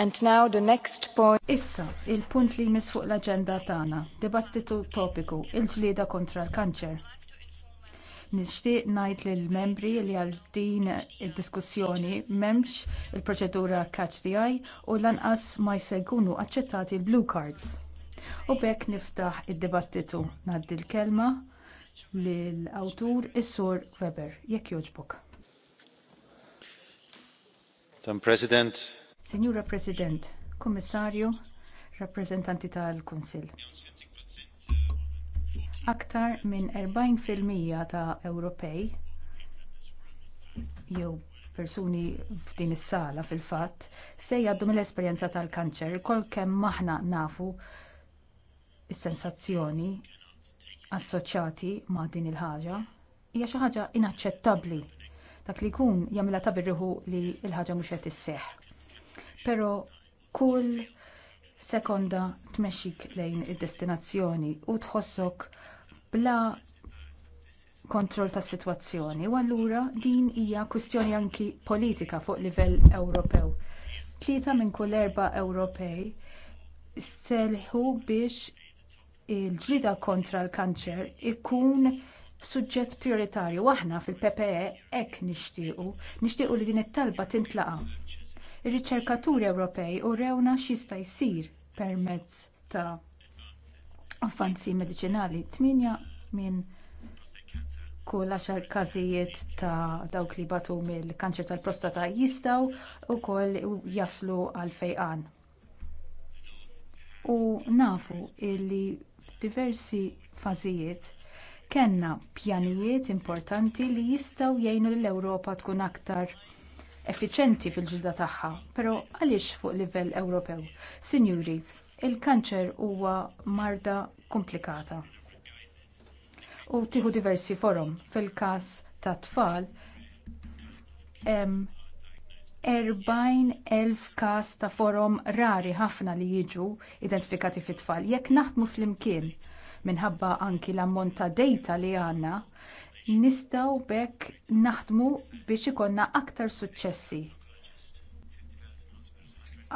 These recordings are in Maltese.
And now the next point. Issa, il-punt li jmiss fuq l-agenda tagħna, dibattitu topiku, il-ġlieda kontra l-kanċer. Nixtieq ngħid lill membri li għal din id-diskussjoni m'hemmx il-proċedura catch the eye u lanqas ma jsegunu aċċettati l-blue cards. U bekk niftaħ id-dibattitu ngħaddi l-kelma lill-awtur is-sur Weber, jekk jogħġbok. Madam President, Signora President, Kummissarju, rappreżentanti tal-Kunsill. Aktar minn 40% ta' Ewropej jew persuni f'din is-sala fil-fatt se jgħaddu mill-esperjenza tal-kanċer kolkemm aħna nafu is-sensazzjoni assoċjati ma' din il-ħaġa hija xi ħaġa inaċċettabbli dak li jkun jagħmilha tabir riħu li l-ħaġa mhux qed isseħħ però kull sekonda tmexxik lejn id-destinazzjoni u tħossok bla kontroll tas-sitwazzjoni u allura din hija kwistjoni anki politika fuq livell Ewropew. Tlieta minn kull erba' Ewropej selħu biex il-ġlida kontra l-kanċer ikun suġġett u aħna fil-PPE hekk nixtiequ, nixtiequ li din it-talba tintlaqa ir-riċerkaturi Ewropej urewna rewna x'jista' jsir permezz ta' avvanzi mediċinali. Tminja minn kull għaxar każijiet ta' dawk li batu mill-kanċer tal-prostata jistgħu wkoll jaslu għal fejqan. U nafu li f'diversi fażijiet kellna pjanijiet importanti li jistgħu jgħinu lill-Ewropa tkun aktar effiċenti fil-ġilda tagħha, però għaliex fuq livell Ewropew? Sinjuri, il-kanċer huwa marda komplikata u tieħu diversi forom. Fil-każ ta' tfal hemm 40,000 każ ta' forom rari ħafna li jiġu identifikati fit-tfal jekk naħdmu flimkien minħabba anki l-ammont ta' dejta li għandna nistgħu b'hekk naħdmu biex ikollna aktar suċċessi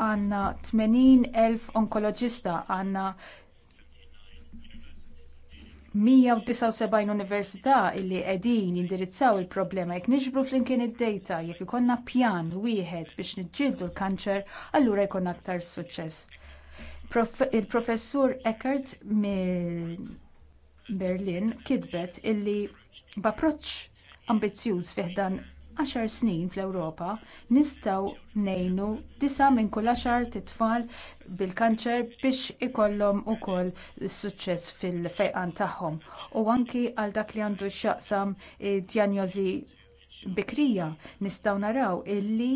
għandna 80,000 onkoloġista għandna 179 università li qegħdin jindirizzaw il-problema jekk niġbru flimkien id-dejta jekk ikollna pjan wieħed biex niġġieldu l-kanċer allura jkollna aktar suċċess. Il-professur Eckert minn Berlin kitbet illi b'approċċ ambizzjuż fih dan għaxar snin fl-ewropa nistgħu ngħinu disa' minn kull għaxar tit-tfal bil-kanċer biex ikollhom ukoll suċċess fil-fejqan tagħhom u anki għal dak li għandu x'jaqsam dijanjosi bikrija nistgħu naraw illi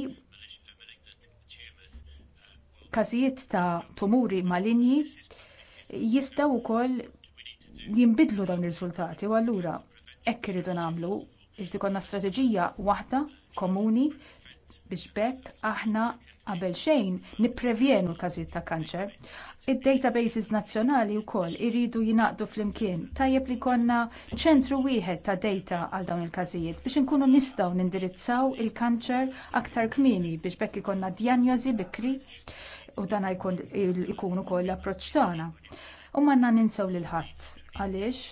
każijiet ta' tumuri maligni jistgħu wkoll jinbidlu dawn ir-riżultati u allura hekk irridu nagħmlu, irid ikollna strateġija waħda komuni biex bekk aħna qabel xejn nipprevjenu l-każijiet ta' kanċer. Id-databases nazzjonali wkoll iridu jingħaqdu flimkien tajjeb li jkollna ċentru wieħed ta' data għal dawn il-każijiet biex inkunu nistgħu nindirizzaw il-kanċer aktar kmieni biex bekk ikollna djanjosi bikri u dan jkun ukoll l-approċċ tagħna. U manna ninsew lil ħadd għaliex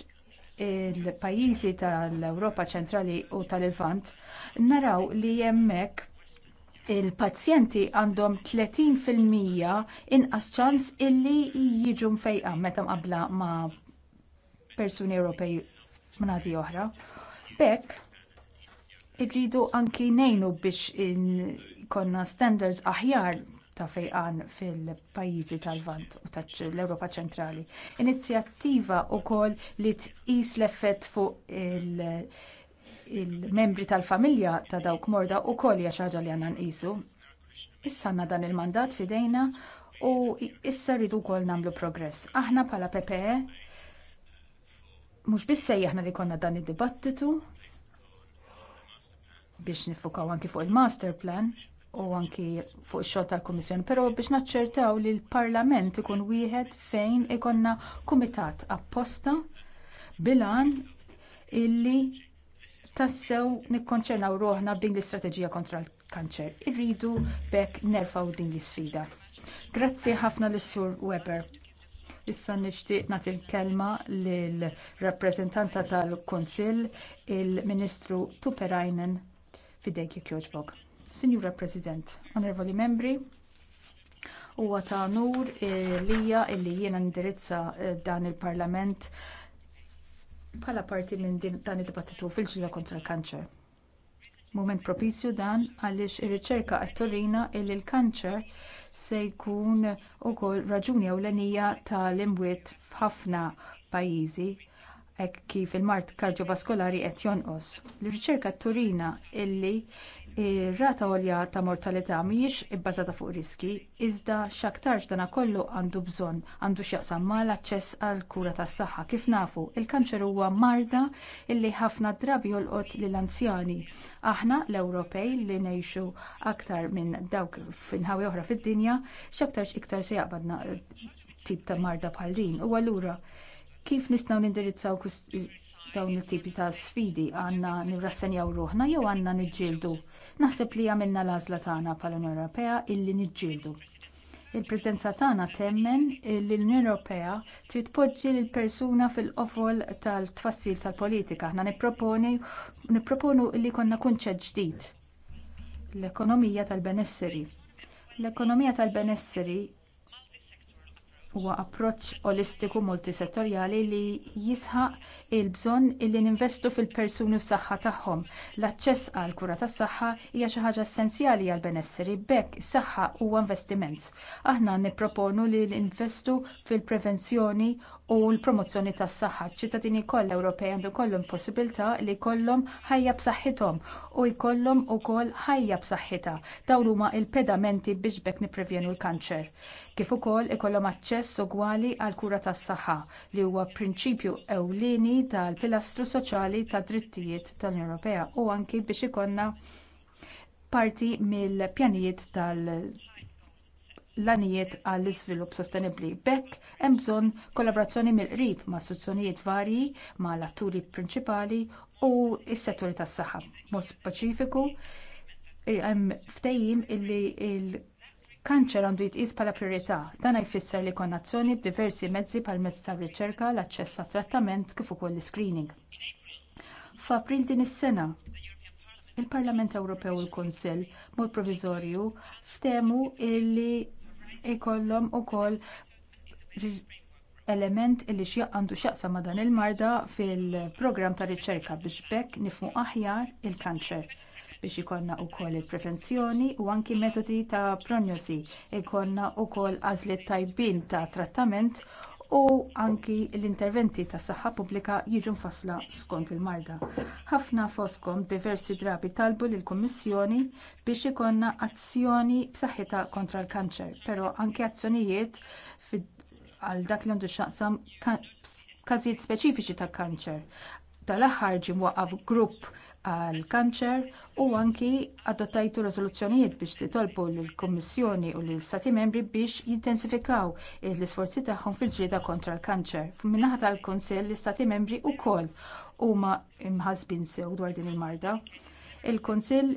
il-pajjiżi tal-Ewropa ċentrali u tal lvant naraw li hemmhekk il-pazjenti għandhom 30% fil-mija inqas ċans illi jiġu mfejqa meta mqabbla ma' persuni Ewropej mnadi oħra. B'hekk irridu anki ngħinu biex konna standards aħjar ta' fejqan fil-pajjiżi tal-Lvant u tal-Ewropa ċentrali. Inizjattiva wkoll li tqis l-effett fuq il-membri il tal-familja ta' dawk morda wkoll hija xi ħaġa li għandna nqisu. Issa għandna dan il-mandat f'idejna u issa rridu wkoll nagħmlu progress. Aħna bħala PPE mhux biss sejjaħna li konna dan id-dibattitu biex nifukaw anki fuq il-master plan, u anki fuq ix-xogħol tal-Kummissjoni, però biex naċċertaw li l-Parlament ikun wieħed fejn ikonna kumitat apposta bilan illi tassew nikkonċernaw ruħna b'din l-istrateġija kontra l-kanċer. Irridu bekk nerfaw din l-isfida. Grazzi ħafna l sur Weber. Issa nixtieq nagħti l-kelma lil rappreżentanta tal-Kunsill, il-Ministru Tuperajnen fidejk jekk jogħġbok. Signora President, onorevoli membri, huwa ta' nur eh, lija illi jiena indirizza eh, dan il-Parlament bħala parti minn dan id-dibattitu fil-ġila kontra l-kanċer. Mument propizju dan għaliex ir-riċerka qed turina li l-kanċer se jkun ukoll raġuni ewlenija tal-imwiet f'ħafna pajjiżi hekk kif il-mart kardiovaskolari qed jonqos. L-riċerka turina illi r rata għolja ta' mortalità mhijiex ibbażata fuq riski, iżda x'aktarx dana kollu għandu bżonn għandu x'jaqsam mal-aċċess għall kura tas-saħħa. Kif nafu, il-kanċer huwa marda illi ħafna drabi jolqot lil anzjani. Aħna l-Ewropej li ngħixu aktar minn dawk finħawi oħra fid-dinja, x'aktarx iktar se jaqbadna tip ta' marda bħal din. U Kif nistgħu nindirizzaw dawn it-tipi ta' sfidi għandna nirrassenjaw ruħna jew għandna niġġieldu? Naħseb li għamilna l-għażla tagħna bħala Unjoni Ewropea illi niġġieldu. Il-preżenza tagħna temmen li l-Unjoni Ewropea trid tpoġġi lil persuna fil-qofol tal-tfassil tal-politika. Aħna nipproponu li jkollna kunċett ġdid l-ekonomija tal-benesseri. L-ekonomija tal-benesseri huwa approċċ olistiku multisettorjali li jisħaq il-bżonn li ninvestu fil-persuni u s-saħħa tagħhom. L-aċċess għall kura tas-saħħa hija xi ħaġa essenzjali għall benesseri b'hekk is-saħħa huwa investiment. Aħna nipproponu li ninvestu fil-prevenzjoni u l-promozzjoni tas-saħħa. ċittadini kollha Ewropej għandhom kollhom possibilità li jkollhom ħajja b'saħħithom u jkollhom ukoll ħajja b'saħħitha. Dawn huma l-pedamenti biex bekk nipprevenu l-kanċer. Kif ukoll ikollhom aċċess ugwali għall kura tas-saħħa li huwa prinċipju ewlieni tal-pilastru soċjali tad-drittijiet tal-Unjoni Ewropea u anki biex ikollna parti mill-pjanijiet tal l-għanijiet għall iżvilupp sostenibbli. B'hekk hemm bżonn kollaborazzjoni mill-qrib ma' istituzzjonijiet varji, mal atturi prinċipali u s-setturi tas-saħħa. Mod speċifiku hemm ftehim illi l kanċer għandu jitqies bħala priorità. Dan jfisser li jkun azzjoni b'diversi mezzi bħal mezz tar-riċerka, l-aċċess għat-trattament kif ukoll l-iscreening. F'April din is-sena, il-Parlament Ewropew u l-Kunsill mod proviżorju ftehmu li ikollhom ukoll element li għandu x'jaqsam ma' dan il-marda fil-programm ta' riċerka biex b'hekk nifhmu aħjar il-kanċer biex ikollna wkoll il-prevenzjoni u anki metodi ta' prognosi ikollna wkoll għażliet tajbin ta' trattament u anki l-interventi tas-saħħa pubblika jiġu mfassla skont il-marda. Ħafna foskom diversi drabi talbu lill-Kummissjoni biex ikollna azzjoni b'saħħitha kontra l-kanċer, però anke azzjonijiet għal dak li għandu x'aqsam każijiet speċifiċi ta' kanċer. Tal-aħħar ġie mwaqqaf grupp għall kanċer u anki adottajtu riżoluzzjonijiet biex titolbu lill-Kummissjoni u lill-Stati Membri biex jintensifikaw l-isforzi tagħhom fil-ġrieda kontra l-kanċer. Min-naħa tal-Kunsill l-Istati Membri wkoll huma mħassbin sew dwar din il-marda. Il-Kunsill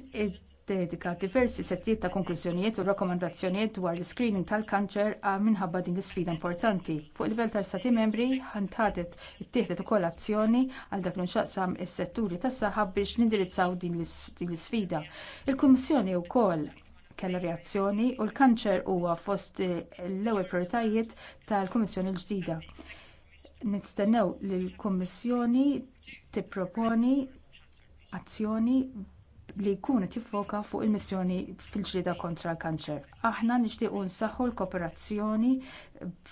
estetika diversi settijiet ta' konklużjonijiet u rakkomandazzjonijiet dwar l-iscreening tal-kanċer minħabba din l-isfida importanti. Fuq livell ta' stati membri ħadet ittieħdet ukoll azzjoni għal dak l-inxaqsam is-setturi tas-saħħa biex nindirizzaw din l-isfida. Il-Kummissjoni wkoll kellha reazzjoni u l-kanċer huwa fost l-ewwel prioritajiet tal-Kummissjoni l-ġdida. Nistennew li l-Kummissjoni tipproponi azzjoni li jkun qed jiffoka fuq il-missjoni fil-ġlieda kontra l-kanċer. Aħna nixtiequ nsaħħu l-kooperazzjoni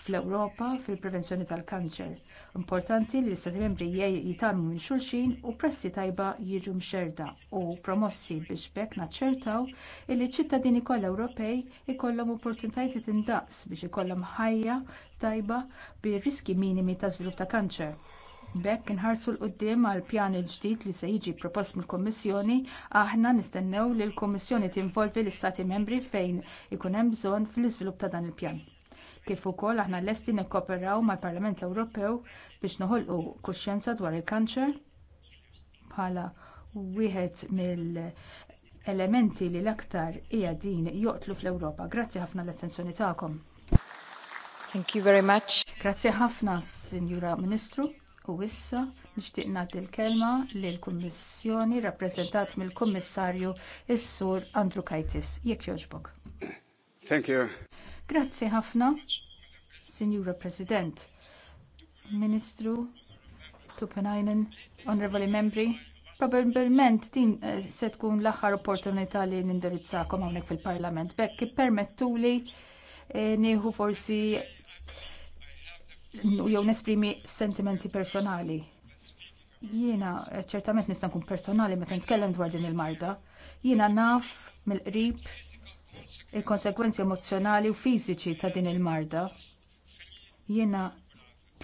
fl-Ewropa fil-prevenzjoni tal-kanċer. Importanti li l-Istati Membri jitalmu minn xulxin u pressi tajba jiġu mxerda u promossi biex bekk naċċertaw li ċ-ċittadini kollha Ewropej ikollhom opportunitajiet indaqs biex ikollhom ħajja tajba bir riski minimi ta' żvilupp ta' kanċer b'hekk inħarsu l quddiem għal pjan il-ġdid li se jiġi propost mill-kummissjoni aħna nistennew li l-kummissjoni tinvolvi l-istati membri fejn ikun hemm bżonn fl-iżvilupp ta' dan il-pjan kif ukoll aħna lesti nikkooperaw mal-parlament ewropew biex noħolqu kuxjenza dwar il-kanċer bħala wieħed mill-elementi li l-aktar qiegħdin joqtlu fl-ewropa grazzi ħafna l-attenzjoni tagħkom Thank you very much. Grazzi ħafna, Sinjura Ministru. U issa nixtieq nagħti l-kelma lill-Kummissjoni rappreżentat mill-Kummissarju is-Sur Andrew Kajtis. Jekk jogħġbok. Thank you. Grazzi ħafna, Sinjura President, Ministru Tupenajnen, Onorevoli Membri. Probabilment din eh, se tkun l-aħħar opportunità li nindirizzakom hawnhekk fil-Parlament. Bekk ippermettuli eh, nieħu forsi jew nesprimi sentimenti personali. Jiena eh, ċertament nista' nkun personali meta nitkellem dwar din il-marda. Jiena naf mill-qrib il-konsekwenzi emozjonali u fiżiċi ta' din il-marda. Jiena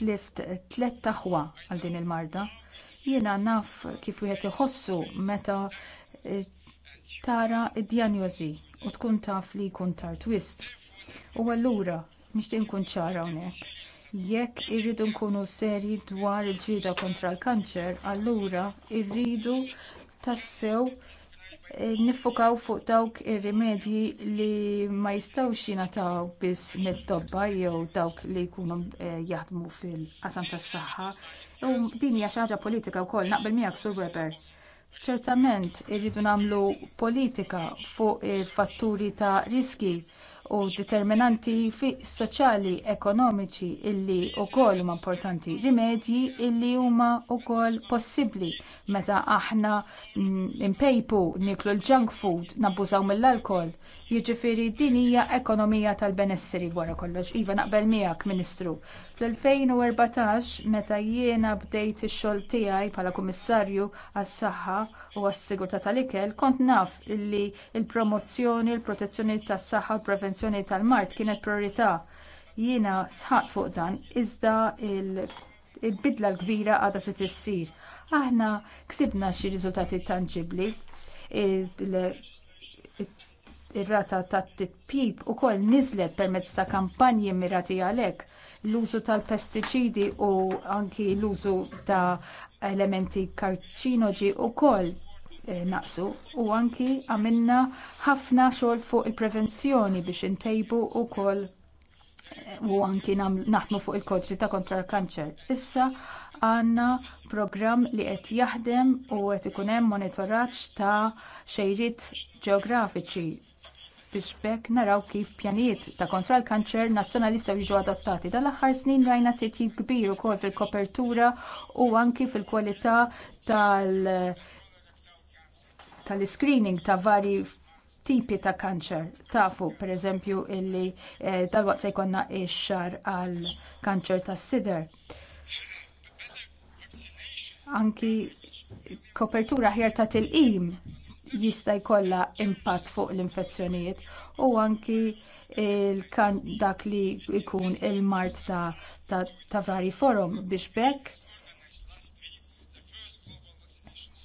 tlift tliet taħwa għal din il-marda. Jiena naf kif wieħed iħossu meta eh, tara d-dijanjosi u tkun taf li jkun tard wisq. U allura nixtieq nkun ċara hawnhekk jekk irridu nkunu serji dwar il ġieda kontra l-kanċer allura rridu tassew eh, niffukaw fuq dawk ir-rimedji li ma jistgħux jingħataw biss mid-tobba jew dawk li jkunu eh, jaħdmu fil-qasam tas-saħħa din hija xi ħaġa politika wkoll naqbel miegħek sur Weber. Ċertament irridu nagħmlu politika fuq il-fatturi eh, ta' riski u determinanti soċjali ekonomiċi illi wkoll huma importanti rimedji illi huma wkoll possibbli meta aħna mm, impejpu niklu l-junk food nabbużaw mill alkoħol Jiġifieri din hija ekonomija tal-benesseri wara kollox. Iva naqbel miegħek, Ministru. Fl-2014 meta jiena bdejt ix-xogħol tiegħi bħala Kummissarju għas-Saħħa u għas-Sigurtà tal-Ikel kont naf li l-promozzjoni, l-protezzjoni tas-saħħa u prevenzjoni tal-mart kienet priorità. Jiena sħaq fuq dan iżda il- il-bidla l-kbira għadha trid issir. Aħna ksibna xi riżultati tanġibbli ir-rata ta' titpib ukoll niżlet permezz ta' kampanji mirati għalhekk l-użu tal-pestiċidi u anki l-użu ta' elementi karċinoġi wkoll eh, naqsu u anki għamilna ħafna xogħol fuq il-prevenzjoni biex intejbu wkoll eh, u anki naħdmu fuq il-kodġi ta' kontra l-kanċer. Issa għandna programm li qed jaħdem u qed ikun hemm monitoraġġ ta' xejriet ġeografiċi biex bekk naraw kif pjanijiet ta' kontra l-kanċer nazzjonali sew jiġu adottati. Dan l-aħħar snin rajna titjib kbir ukoll fil-kopertura u anki fil-kwalità tal-screening ta' vari tipi ta' kanċer. Tafu, pereżempju illi dalwaqt eh, se jkollna ix-xar għal kanċer tas-sider. Anki kopertura ħjar ta' tilqim jista' jkollha impatt fuq l-infezzjonijiet u anki dak li jkun il-mart ta', ta, ta vari forum biex bekk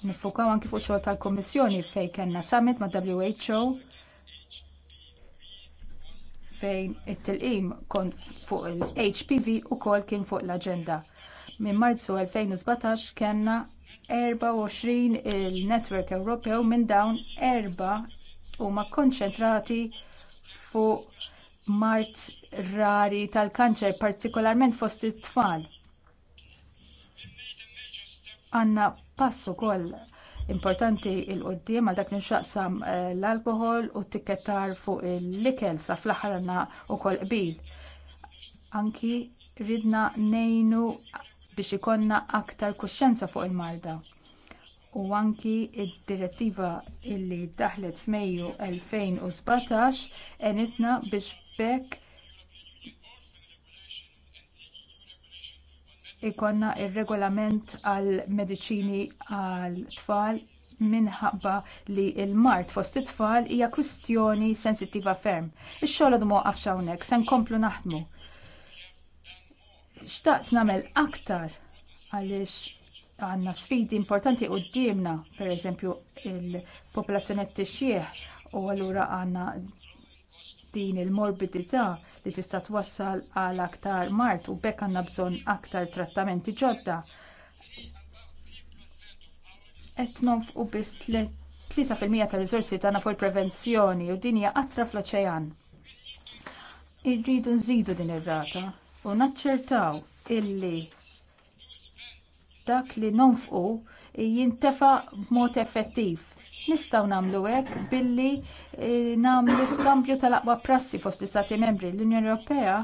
nifukaw anki fuq xogħol tal-Kummissjoni fejn kellna summit ma' WHO fejn it-tilqim kont fuq il-HPV ukoll kien fuq l-aġenda. Minn Marzu 2017 kellna 24 il-netwerk Ewropew minn dawn erba' huma kkonċentrati fuq mart rari tal-kanċer partikolarment fost it-tfal. Għanna pass ukoll importanti il qoddim għal dak nixaqsam eh, l-alkohol u t-tikketar fuq il-likel sa fl-aħħar u koll qbil. Anki ridna ngħinu biex ikollna aktar kuxjenza fuq il-marda u anki d-direttiva li daħlet f'mejju 2017 għenitna biex b'hekk ikollna r-regolament għall-mediċini għat-tfal minħabba li l-mard fost it-tfal hija kwistjoni sensittiva ferm. Ix-xogħol għadu mwaqqafx hawnhekk se nkomplu naħdmu xtaqt nagħmel aktar għaliex għandna sfidi importanti quddiemna, pereżempju l popolazzjoni qed tixjieħ u allura għandna din il-morbidità li tista' twassal għal aktar mart u b'hekk għandna bżonn aktar trattamenti ġodda. Qed nonfqu biss 3% tar-riżorsi tagħna fuq il-prevenzjoni u din hija qatra fl-oċean. Irridu nżidu din ir-rata u naċċertaw illi dak li nonfqu jintefa' b'mod effettiv. Nistgħu nagħmlu hekk billi eh, nagħmlu skambju tal-aqwa prassi fost l-Istati Membri. L-Unjoni Ewropea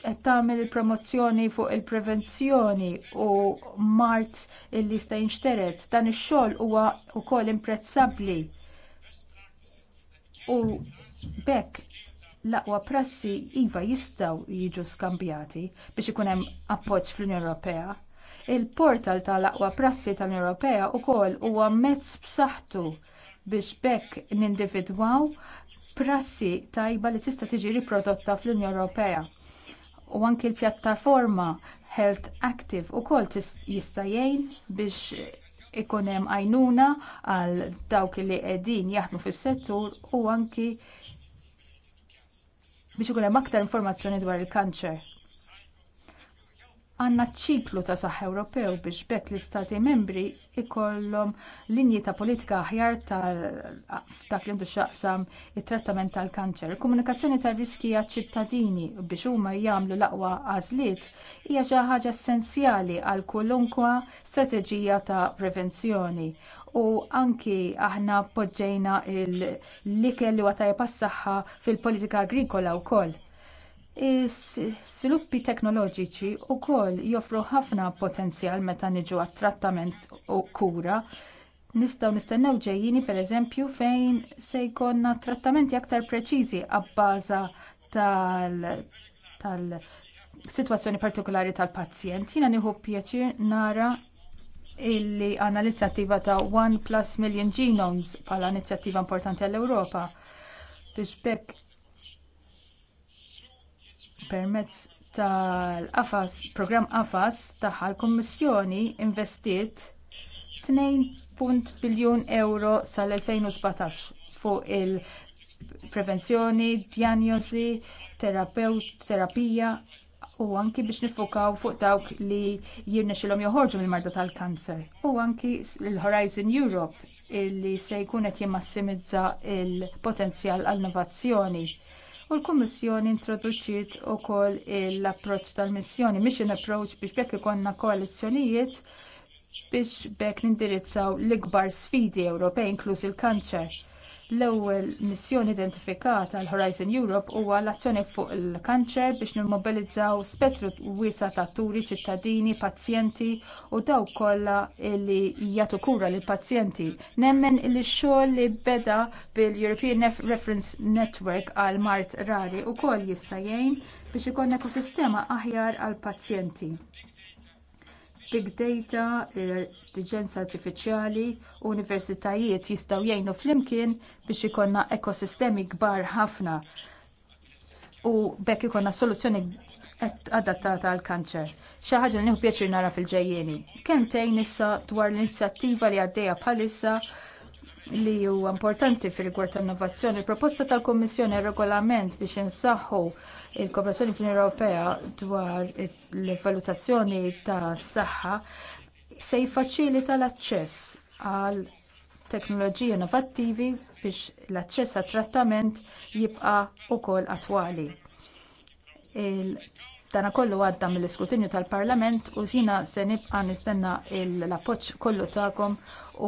qed tagħmel il-promozzjoni fuq il-prevenzjoni u mart illi jista' jinxteret. Dan ix-xogħol huwa wkoll imprezzabbli. U bekk l-aqwa prassi iva jistgħu jiġu skambjati biex ikun hemm appoġġ fl-Unjoni Ewropea. Il-portal tal-aqwa prassi tal-Unjoni Ewropea wkoll huwa mezz b'saħħtu biex b'hekk nindividwaw prassi tajba li tista' tiġi riprodotta fl-Unjoni Ewropea. U anki l-pjattaforma Health Active ukoll jista' jgħin biex ikun hemm għajnuna għal dawk li qegħdin jaħdmu fis-settur u anki biex ikun hemm aktar informazzjoni dwar il-kanċer. Għandna ċiklu ta' saħħa Ewropew biex bekk l-Istati membri jkollhom linji ta' politika aħjar tal dak li xaqsam it-trattament tal-kanċer. Il-komunikazzjoni tar riski għaċ-ċittadini biex huma jagħmlu l-aqwa għażliet hija xi ħaġa essenzjali għal kwalunkwe strateġija ta' prevenzjoni u anki aħna poġġejna l-ikel li għatajja pas-saħħa fil-politika agrikola wkoll. Is-sviluppi teknoloġiċi wkoll joffru ħafna potenzjal meta niġu għat-trattament u kura nistgħu nistennew ġejjini pereżempju fejn se jkollna trattamenti aktar preċiżi abbaża tal-sitwazzjoni tal partikolari tal-pazjent. Jiena nieħu pjaċir nara illi għandna l-inizjattiva ta' one plus million genomes bħala inizjattiva importanti għall-Ewropa biex bekk permezz tal-qafas, programm qafas tagħha l-Kummissjoni investiet 2 biljun euro sal-2017 fuq il-prevenzjoni, djanjosi, terapija u anki biex nifukaw fuq dawk li jirnexilhom joħorġu mill-marda tal kanzer U anki l-Horizon Europe illi se jkun qed jimmassimizza l potenzjal għall-innovazzjoni. U l-Kummissjoni introduċiet ukoll l-approċċ tal-missjoni mission approach biex bekk ikonna koalizzjonijiet biex bekk nindirizzaw l-ikbar sfidi Ewropej inkluż il-kanċer l-ewwel missjoni identifikata għal Horizon Europe huwa l-azzjoni fuq il-kanċer biex nimmobilizzaw spettru wiesa ta' turi, ċittadini, pazjenti u dawk kollha li jagħtu kura lill pazjenti. Nemmen li x-xogħol li beda bil-European Reference Network għal Mart Rari wkoll jista' jgħin biex ikun ekosistema aħjar għall pazjenti big data, l-intelligenza artifiċjali, u universitajiet jistgħu jgħinu flimkien biex ikollna ekosistemi kbar ħafna u bekk ikollna soluzzjoni adattata għall kanċer. Xi ħaġa li nieħu pjaċir nara fil-ġejjieni. Kemm tgħin issa dwar l-inizjattiva li għaddejja bħalissa li huwa importanti fir rigward tan innovazzjoni, il-proposta tal-Kummissjoni regolament biex insaħħu il-kooperazzjoni fl-Ewropea dwar il-valutazzjoni tas saħħa se jiffaċilita l-aċċess għal teknoloġiji innovattivi biex l-aċċess għat-trattament jibqa' wkoll attwali dana kollu għadda mill-iskutinju tal-Parlament u sina se nibqa' nistenna l-appoġġ kollu tagħkom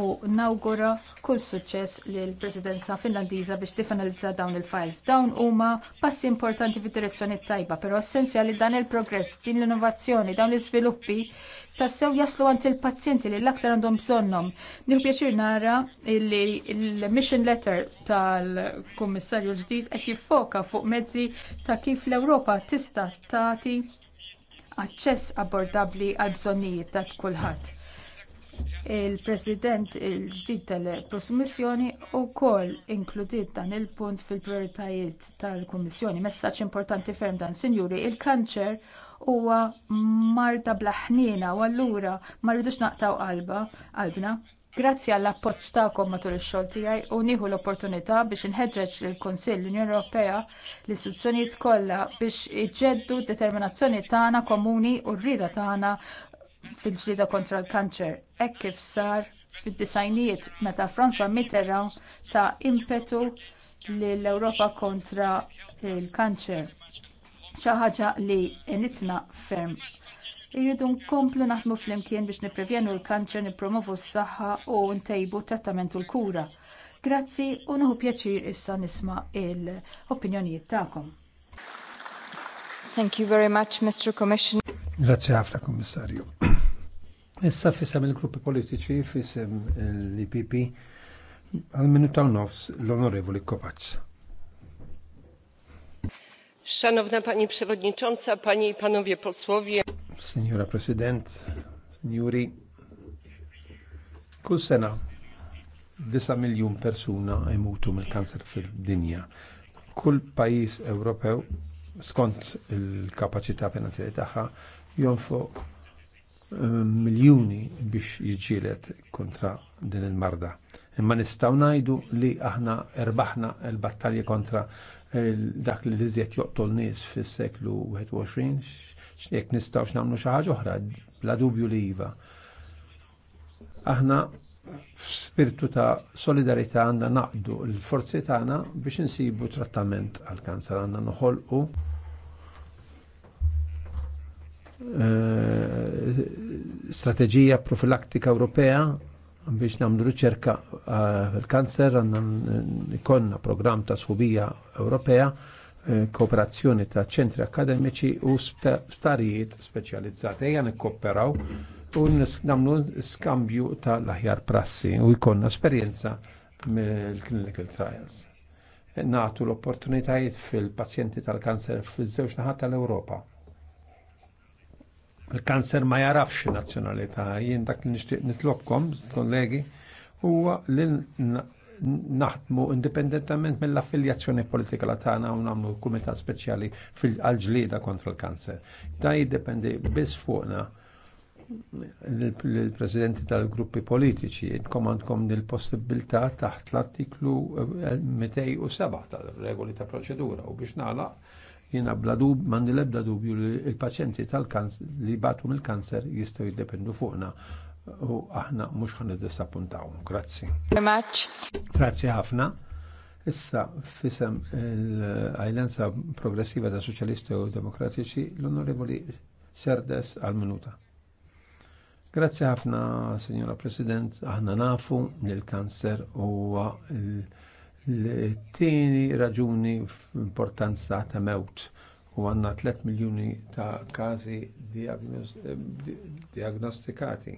u nawgura kull suċċess lill presidenza Finlandiża biex tifinalizza dawn il-files. Dawn huma passi importanti fid-direzzjoni tajba, però essenzjali dan il-progress, din l-innovazzjoni, dawn l-iżviluppi tassew jaslu għand il-pazjenti li l-aktar għandhom bżonnhom. Nieħu nara li l-mission letter tal-Kummissarju l-ġdid qed jiffoka fuq mezzi ta' kif l-Ewropa tista' tagħti aċċess abbordabbli għal bżonnijiet ta' kulħadd. Il-President il-ġdid tal-Prosumissjoni wkoll inkludiet dan il-punt fil-prioritajiet tal-Kummissjoni. Messaġġ importanti ferm dan, Sinjuri, il-kanċer huwa marda bla ħnina u allura ma rridux naqtaw qalba qalbna. Grazzi għall appoġġ tagħkom matul ix-xogħol tiegħi u nieħu l-opportunità biex inħeġġeġ lill-Kunsill l-Unjoni Ewropea l-istituzzjonijiet kollha biex iġġeddu d-determinazzjoni tagħna komuni u r-rieda tagħna fil-ġlieda kontra l-kanċer. Hekk kif sar fid-disajnijiet meta Franz Mitterrand ta' impetu lill-Ewropa kontra l-kanċer xi ħaġa li nitna ferm. Irridu nkomplu naħdmu flimkien biex nipprevenu l-kanċer, nippromovu s-saħħa u ntejbu trattament u l-kura. Grazzi u nieħu pjaċir issa nisma' l-opinjonijiet tagħkom. Thank you very much, Mr. Commissioner. Grazzi ħafna, Kommissarju. Issa fissem il-gruppi politiċi, fissem l-IPP, għal minuta ta' nofs l-onorevoli Kopacz. Szanowna Pani Przewodnicząca, Panie i Panowie Posłowie. Signora prezydent, Signori, kull sena disa miljun persuna imutu mill-kanser fid-dinja. Kull pajjiż Ewropew skont il-kapaċità finanzjarja tagħha jonfu eh, miljuni biex jiġġielet kontra din il-marda. Imma nistgħu ngħidu li aħna erbaħna l battalja kontra dak li liżiet joqtol nies fis-seklu 21 jekk nistaw nagħmlu xi ħaġa oħra bla dubju li iva. Aħna f'spiritu ta' solidarita għandna naqdu l-forzi tagħna biex insibu trattament għal kanser għandna noħolqu eh, Strategija profilaktika Ewropea biex namlu riċerka eh, fil kanser għanna ikonna program ta' sħubija Ewropea, eh, kooperazzjoni ta' ċentri akademiċi u starijiet speċjalizzati. Ejja nikkooperaw u namlu skambju ta' laħjar aħjar prassi u jkonna esperjenza mill-clinical trials. Natu l-opportunitajiet fil-pazjenti tal kanser fil-żewġ naħat tal-Ewropa Il-kanser ma jarafx nazzjonalità, jien dak li nixtieq nitlobkom, kollegi, huwa li naħdmu indipendentament mill-affiljazzjoni politika la tagħna u nagħmlu kumitat speċjali fil-ġlieda kontra l-kanser. Da jiddependi biss fuqna l-presidenti tal-gruppi politiċi jitkomandkom nil-possibilità taħt l-artiklu 207 eh, tal-regoli ta' proċedura u biex nagħlaq jina bla dub, mandi lebda dubju li il-pazjenti tal-kanser li batu mill-kanser jistaw jiddependu fuqna u aħna mux ħan id-disappuntaw. Grazzi. Grazzi ħafna. Issa, fissem l-Ajlenza Progressiva ta' Soċjalisti u Demokratiċi, l-Onorevoli Serdes għal-Minuta. Grazzi ħafna, Signora President, aħna nafu li l-kanser huwa l L-tieni raġuni importanza ta' mewt u għanna 3 miljoni ta' kazi eh, diagnostikati.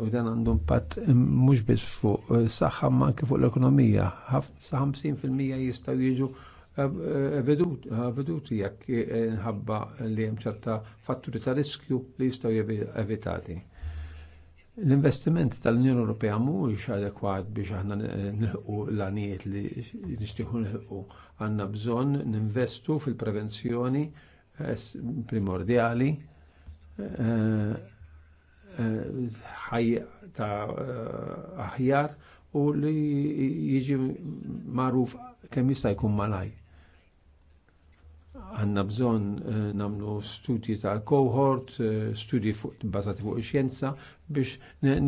U dan għandu impatt eh, mhux biss fuq eh, saħħa ma anke fuq l-ekonomija. Sa 50% jistgħu jiġu veduti jekk nħabba li hemm ċerta fatturi ta' riskju li jistgħu evitati. L-investiment tal-Unjoni Ewropea mhuwiex adekwat biex aħna nilqu l-għaniet li nixtieħu nilħu. Għandna bżonn ninvestu fil-prevenzjoni primordjali eh, eh, ħaj ta' aħjar u li jiġi magħruf kemm jista' jkun malaj għanna bżon eh, namlu studji tal kohort eh, studji bazati fuq il-xjenza biex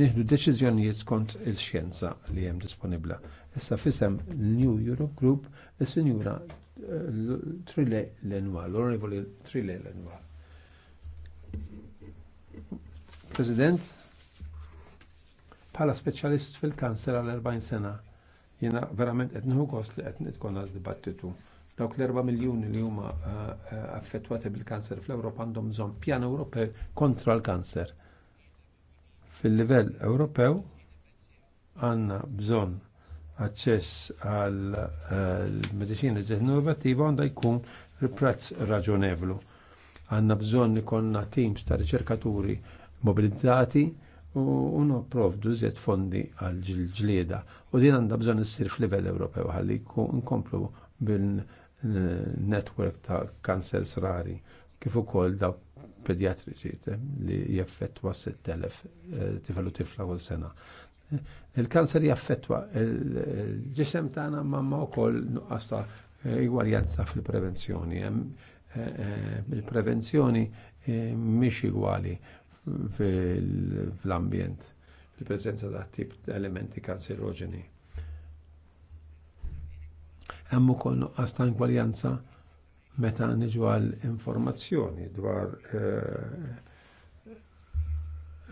nieħdu deċiżjonijiet skont il-xjenza li hemm disponibla. Issa fisem New Europe Group is-sinjura eh, Trile Lenwal, l-Onorevoli Trile Lenwal. President, pala speċjalist fil-kanser għal 40 sena, jena verament etnħu kost li etnħu konna dibattitu Dawk l-4 miljuni li huma eh, eh, affettwati bil-kanser fl-Ewropa għandhom bżonn pjan Ewropew kontra l-kanser. Fil-livell Ewropew għandna bżonn aċċess għal eh, medicina innovativa għandha jkun prezz raġonevlu. Għandna bżonn ikonna teams ta' riċerkaturi mobilizzati u nopprovdu zed fondi għal ġlieda u din għandha bżonn issir f'livell Ewropew ħalli nkomplu bil Eh, network ta' kansers rari kif ukoll dawk pedjatriċi li jaffettwa 6000 eh, tifel u tifla kull sena. Eh, il-kanser jaffettwa il-ġisem tagħna mamma wkoll nuqqas ta' igwaljanza fil-prevenzjoni. Il-prevenzjoni mhix igwali fl-ambjent, fil-preżenza ta' tip elementi kanserogeni Hemm ukoll nuqqas ta' ingwaljanza meta niġu għal informazzjoni dwar eh,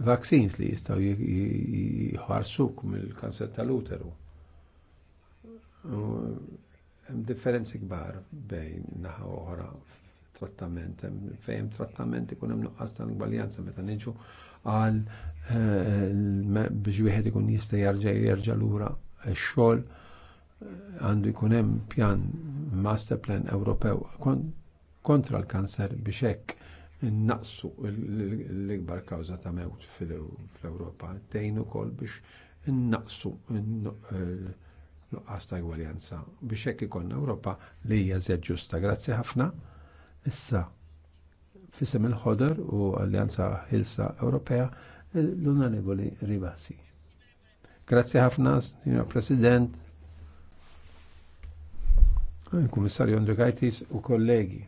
vaccines li jistaw jħarsuk mill-kanser tal-uteru. Hemm differenzi kbar bejn naħa oħra trattament, fejn trattament ikun hemm nuqqas ta' gwaljanza meta niġu għal eh, biex wieħed ikun jista' jarġa' jerġa' lura x-xogħol għandu jkun hemm pjan master plan Ewropew kontra l-kanser biex hekk naqsu l-ikbar kawża ta' mewt fl-Ewropa. Tejn ukoll biex naqsu eh, nuqqas ta' gwaljanza biex hekk ikun Ewropa li hija żed ġusta. Grazzi ħafna. Issa fisem il-ħoder u Alleanza Hilsa Ewropea l-Onorevoli Rivasi. Grazzi ħafna, Signor President, il-Kummissarju Andrikajtis u kollegi.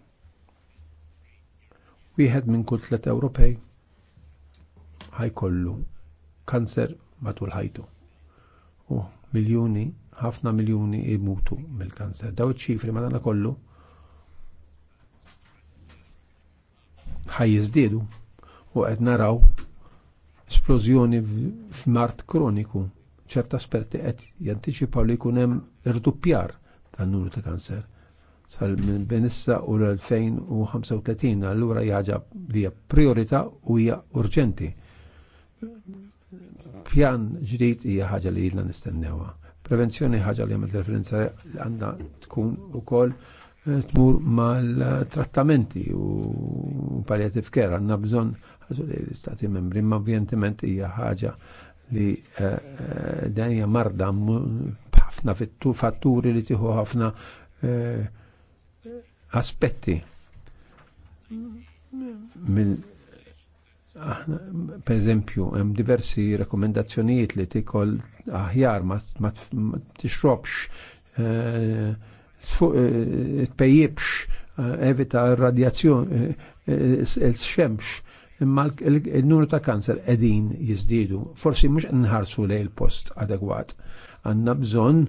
Wieħed minn kull tlet Ewropej ħajkollu kanser matul ħajtu. U miljuni, ħafna miljuni imutu mill-kanser. Daw ċifri ma dana kollu ħajjiżdiedu u qed naraw esplożjoni f'mart kroniku. ċerta sperti qed jantiċipaw li jkun hemm irduppjar tan-numru ta' kanser. Sal minn ben issa u l-2035 allura jaġab li hija priorità u hija urġenti. Pjan ġdid hija ħaġa li jidna nistennewha. Prevenzjoni ħaġa li għamilt referenza għandha tkun ukoll eh, tmur mal-trattamenti u palliative care għanna bżon l-istati membri, ma ovvjentiment hija ħaġa li eh, eh, dan hija marda ħafna fittu fatturi li tieħu ħafna eh, aspetti minn per eżempju, hemm diversi rekomendazzjonijiet li tikol aħjar ma tixrobx eh, eh, tpejjibx evita r-radjazzjoni il-xemx imma il-numru ta' kanser edin jizdidu. Forsi mhux nħarsu lej il-post adegwat. Għanna bżonn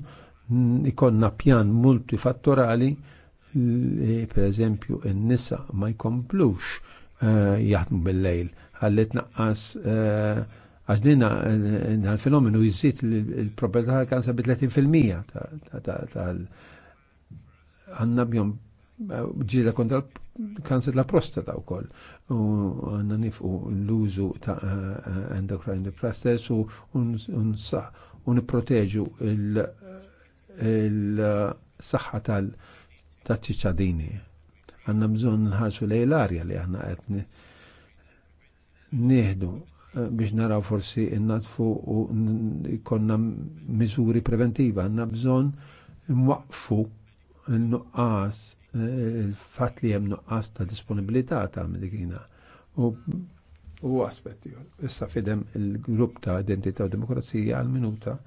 ikonna pjan multifattorali li eh, per eżempju n-nisa ma jkomplux eh, jaħdmu bil-lejl. Għallet naqqas uh, għax dina għal-fenomenu jizzit il-probabilità tal kansa bi 30% tal għanna bjom ġila kontra l-kanser la prostata u koll. U għanna nifqu l-użu ta' endocrine depressors u un sa u niproteġu il-saħħa tal-ċiċadini. Għanna bżon nħarsu lej l-arja li għanna għetni nieħdu eh, biex naraw forsi innatfu u konna miżuri preventiva. Għanna bżon mwaqfu il-nuqqas, eh, il-fat li jem nuqqas ta' disponibilità ta' medikina. U u aspetti. Issa fidem il-grupp ta' identità u demokrazija għal minuta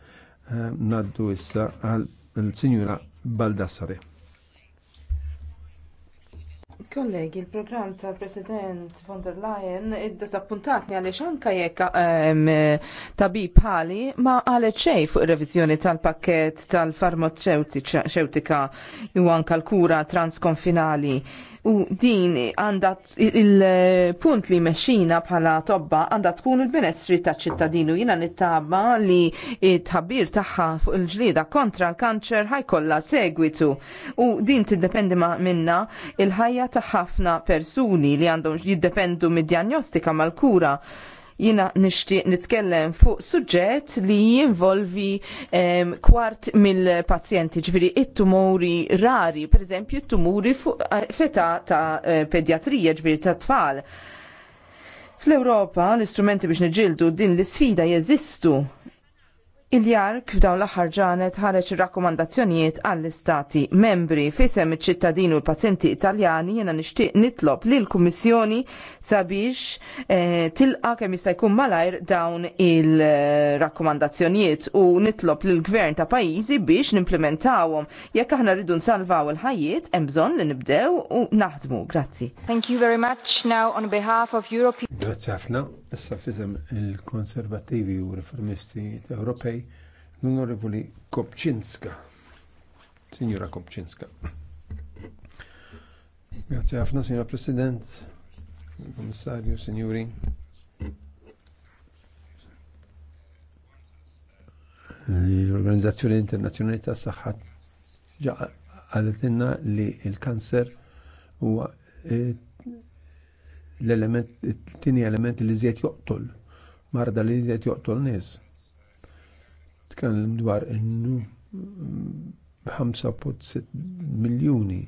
eh, naddu issa għal sinjura Baldassare. Kollegi, il-programm tal President von der Leyen id-disappuntatni għaliex xanka jekk ehm, tabib ħali ma għalli xej fuq revizjoni tal-pakket tal-farmaceutika u anka l-kura transkonfinali U din għandha il-punt li meċina bħala tobba għandha tkun il-benessri ta' ċittadinu jina nittaba li tħabbir tagħha fuq il-ġlida kontra l-kanċer ħajkolla segwitu. U din tiddependi ma' minna il-ħajja ta' ħafna persuni li għandhom jiddependu mid-djanjostika mal-kura. Jina nixtieq nitkellem fuq suġġett li jinvolvi um, kwart mill-pazjenti, ġviri it-tumuri rari, per eżempju it-tumuri feta ta' eh, pedjatrija, ġviri ta' tfal. Fl-Europa, l-istrumenti biex niġildu din l-sfida jeżistu Il-jar kif dawn l-aħħar ġanet ħareġ rakkomandazzjonijiet għall-istati membri fisem iċ-ċittadini u l-pazjenti Italjani jiena nixtieq nitlob lil kummissjoni sabiex eh, tilqa kemm jista' jkun malajr dawn il-rakkomandazzjonijiet u nitlob lil gvern ta' pajjiżi biex nimplementawhom. Jekk aħna rridu nsalvaw il-ħajjiet hemm bżonn li nibdew u naħdmu. Grazzi. Thank you very much now on behalf of Europe. Grazzi ħafna. Issa fisem il-Konservattivi u Riformisti Ewropej l-Onorevoli Kopczynska. Signora Kopczynska. Grazie ħafna, signora President, Komissarju, Signori. L-Organizzazzjoni Internazzjonali ta' Saħħa ġa għaletinna li il-kanser huwa eh, l-element, it-tini element li zjed joqtol, marda li zjed joqtol nis nitkellem dwar innu 5.6 mm, miljuni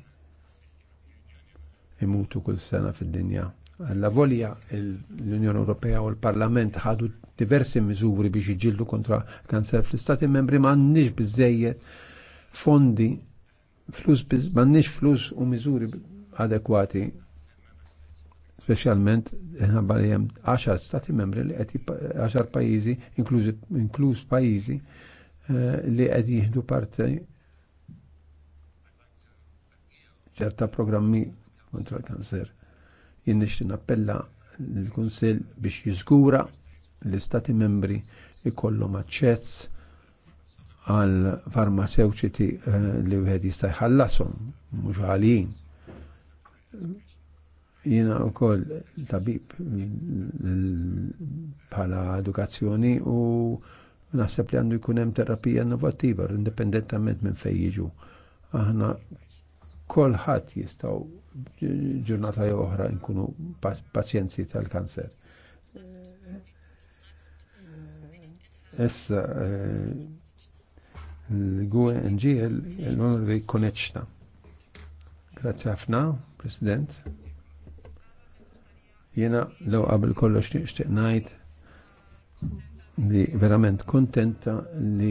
imutu kull sena fid-dinja. La volja l-Unjoni Ewropea u l-Parlament ħadu diversi miżuri biex iġildu kontra kanser fl-Istati membri ma m'għandniex biżejjed fondi, flus biz, m'għandniex flus u miżuri adekwati specialment ħabba li jem 10 stati membri li qed 10 pajjiżi inkluż pajjiżi eh, li qed jieħdu parti ċerta programmi kontra l-kanser. Jien nixtieq nappella l-Kunsill biex jiżgura l-istati membri ikollhom aċċess għal farmaceutiċi eh, li wieħed jista' jħallasom mhux jina u koll tabib bħala edukazzjoni u naħseb li għandu jkun hemm terapija innovattiva indipendentament minn fejn jiġu. Aħna kolħadd jistgħu ġurnata oħra nkunu pazjenzi tal-kanser. Essa eh, l-gwe l-onorvi konneċna. Grazie ħafna, President. Jena law qabel kollox nixtieq ngħid li verament kontenta li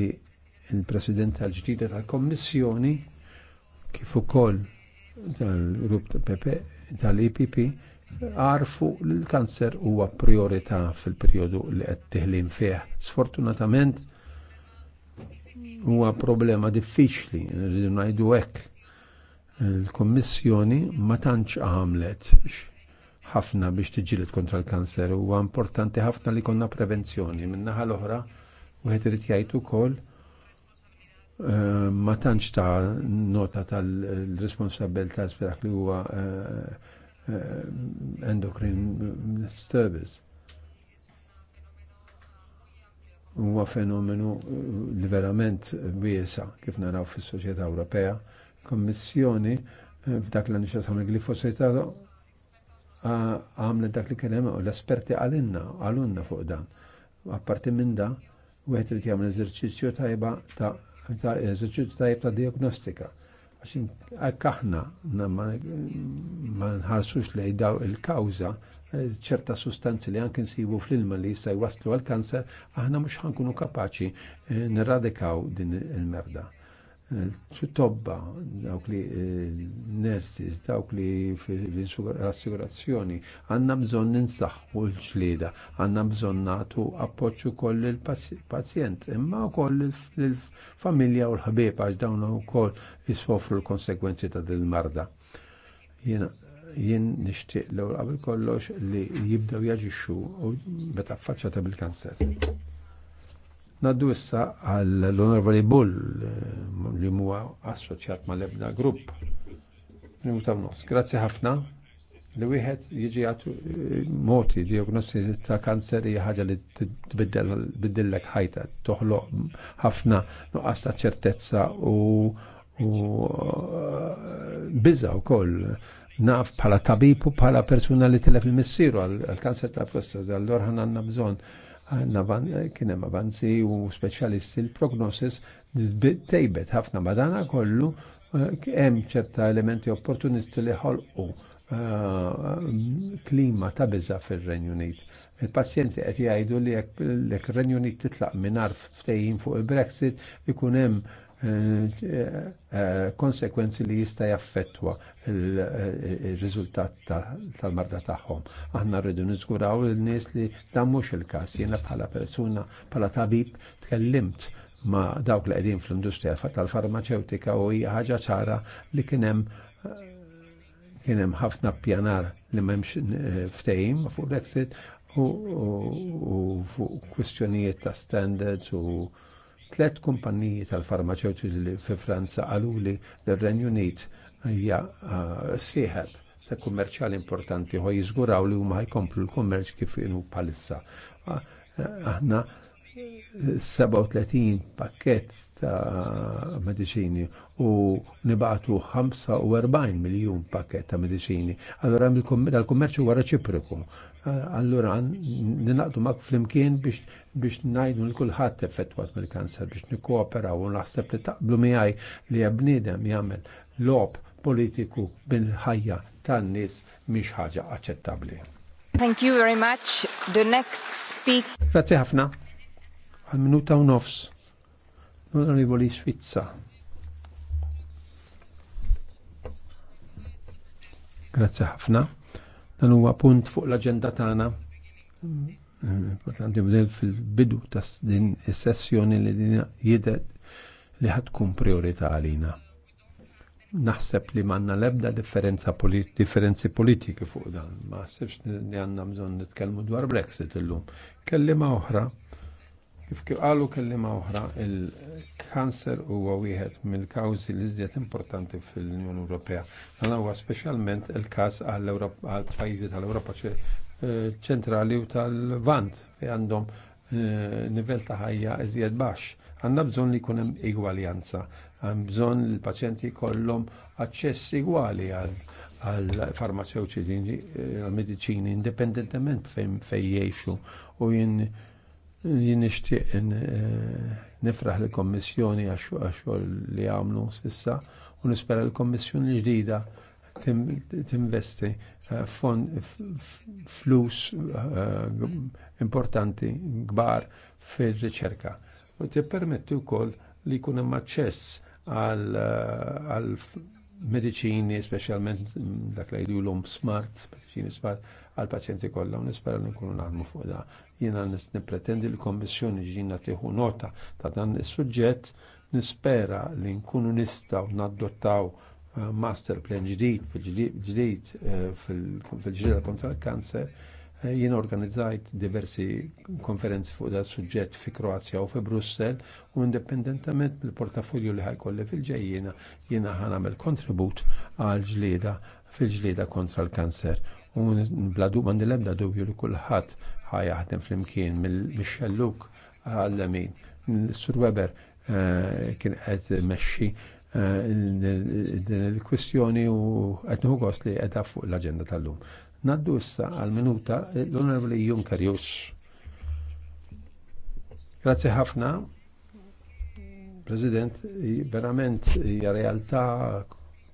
il-President tal-ġdida tal-Kommissjoni kif ukoll tal-grupp tal-EPP għarfu li l-kanser huwa priorità fil-perjodu li qed tiħlim fih. Sfortunatament huwa problema diffiċli, rridu ngħidu hekk. Il-Kommissjoni ma tantx għamlet ħafna biex tiġġieled kontra l-kanser huwa importanti ħafna li konna prevenzjoni. Min-naħa l-oħra wieħed irid jgħid ukoll eh, ma tantx ta' nota tal-responsabilità sferak li huwa eh, eh, endocrine disturbance. Huwa fenomenu li verament wiesa kif naraw fis-soċjetà Ewropea. Kommissjoni f'dak l-għandix għasam il-glifosetato għamlet dak li kellem u l-esperti għalinna, għalunna fuq dan. Apparti minn da, u wieħed li jagħmel eżerċizzju tajba ta' eżerċizzju tajba ta' diagnostika. Għaxin għakkaħna ma nħarsux li daw il kawza ċerta sustanzi li għankin sibu fl-ilma li jistaj waslu għal-kanser, aħna mux ħankunu kapaċi eh, nirradikaw din il-merda. il merda tobba dawk li eh, nersis, dawk li fil-assigurazzjoni, għanna bżon ninsaxħu l-ġlida, għanna bżon natu appoċu koll il-pazjent, imma koll il-familja u l-ħabib għax dawn u koll jisofru l-konsekwenzi ta' dil-marda. Jena, jien nishtiq l-għabil kollox li jibdew jaġixxu u beta faċċata bil-kanser. Naddu issa għal l onorvali Bull li muwa assoċjat ma' l ebda grupp. Minuta nofs. Grazzi ħafna. Li wieħed jiġi għatu moti diagnosi ta' kanser hija ħaġa li tbiddellek ħajta, toħloq ħafna nuqqas ta' ċertezza u biża wkoll naf pala tabib u bħala persuna li telef il missiru għal kanser ta' prostata, prostat, allora ħanna bżonn kien hemm avanzi u speċjalisti l-prognosis tejbet ħafna madana kollu eh, hemm ċerta elementi opportunisti li ħolqu eh, klima ta' biża fir-Renju Unit. Il-pazjenti qed jgħidu li jekk ir-Renju Unit titlaq mingħajr ftehim fuq il-Brexit ikun hemm Eh, eh, konsekwenzi li jista' jaffettwa il-riżultat tal-marda tagħhom. Aħna rridu niżguraw il nies li dan mhux il-każ. Jiena bħala persuna, bħala tabib tkellimt ma' dawk li qegħdin fl-industrija tal-farmaceutika u hija ħaġa ċara li kien hemm kien hemm ħafna pjanar li m'hemmx eh, ftehim fuq Brexit u fuq kwistjonijiet ta' standards u Tlet kumpanniji tal-farmaceutiċi fi Franza għaluli l-Renju Unit hija sieħeb ta' kummerċjali importanti u jiżguraw li huma jkomplu l-kummerċ kif inu bħalissa. Aħna 37 pakket ta' medicini u nibatu 45 miljon pakket ta' medicini. Allora dal-kummerċu huwa ċipriku. Eh, allura ninaqdu mak flimkien biex biex najdu l-kulħadd effettwat mill-kanser biex nikkooperaw u naħseb li taqblu miħaj li bniedem jagħmel lob politiku bil-ħajja tan-nies mhix ħaġa aċċettabbli. Thank you very much. The next speak. Grazie ħafna. Għal minuta u nofs. L-Onorevoli Svizza. Grazie ħafna. Dan huwa punt fuq l-aġenda tagħna. Importanti bdew fil-bidu ta' din is-sessjoni li din jidet li ħatkun priorità għalina. Naħseb li manna lebda differenza differenzi politiki fuq dan. Ma sibx li għanna bżon nitkellmu dwar Brexit illum. Kellima oħra Kif qalu kellima oħra, il-kanser huwa wieħed mill-kawżi li żdiet importanti fil-Unjoni Ewropea. Dan huwa speċjalment il-każ għall-pajjiżi tal-Ewropa eh, ċentrali u tal-Vant li għandhom eh, nivell ta' ħajja iżjed baxx. Għandna bżonn li jkun hemm igwaljanza, għandna bżonn li l-pazjenti jkollhom aċċess igwali għal farmaceutiċi, eh, għal medicini indipendentement fejn fejjeċu u jinn Jien eh, nifraħ l kommissjoni għax-xogħol li għamlu s'issa u nispera l-kommissjoni l ġdida tinvesti eh, flus eh, importanti kbar fil riċerka U tippermetti wkoll li jkun hemm aċċess għal medicini specialment dak li jgħidu l-om smart, mediċini smart, għal pazjenti kollha u nispera li nkunu naħdmu fuq da. Jiena nippretendi l-Kommissjoni ġina tieħu nota ta' dan is-suġġett nispera li nkunu nistgħu naddottaw eh, master plan ġdid eh, fil-ġdid fil-ġdid kontra l-kanser eh, jien organizzajt diversi konferenzi fuq dal suġġett fi Kroazja u fi Brussel u indipendentament mill-portafolju li ħajkolli fil-ġejjina jiena il kontribut għal ġlieda fil-ġlieda kontra l-kanser u bladu mandi lebda dubju li kulħadd fl flimkien mill-xelluk għall-lemin. Sur Weber eh, kien qed meċi eh, il-kwistjoni u qed nħugos gost li għed fuq l-aġenda tal-lum. Naddu issa għal-minuta l-Onorevoli Junker Jus. Grazie ħafna. President, verament hija realtà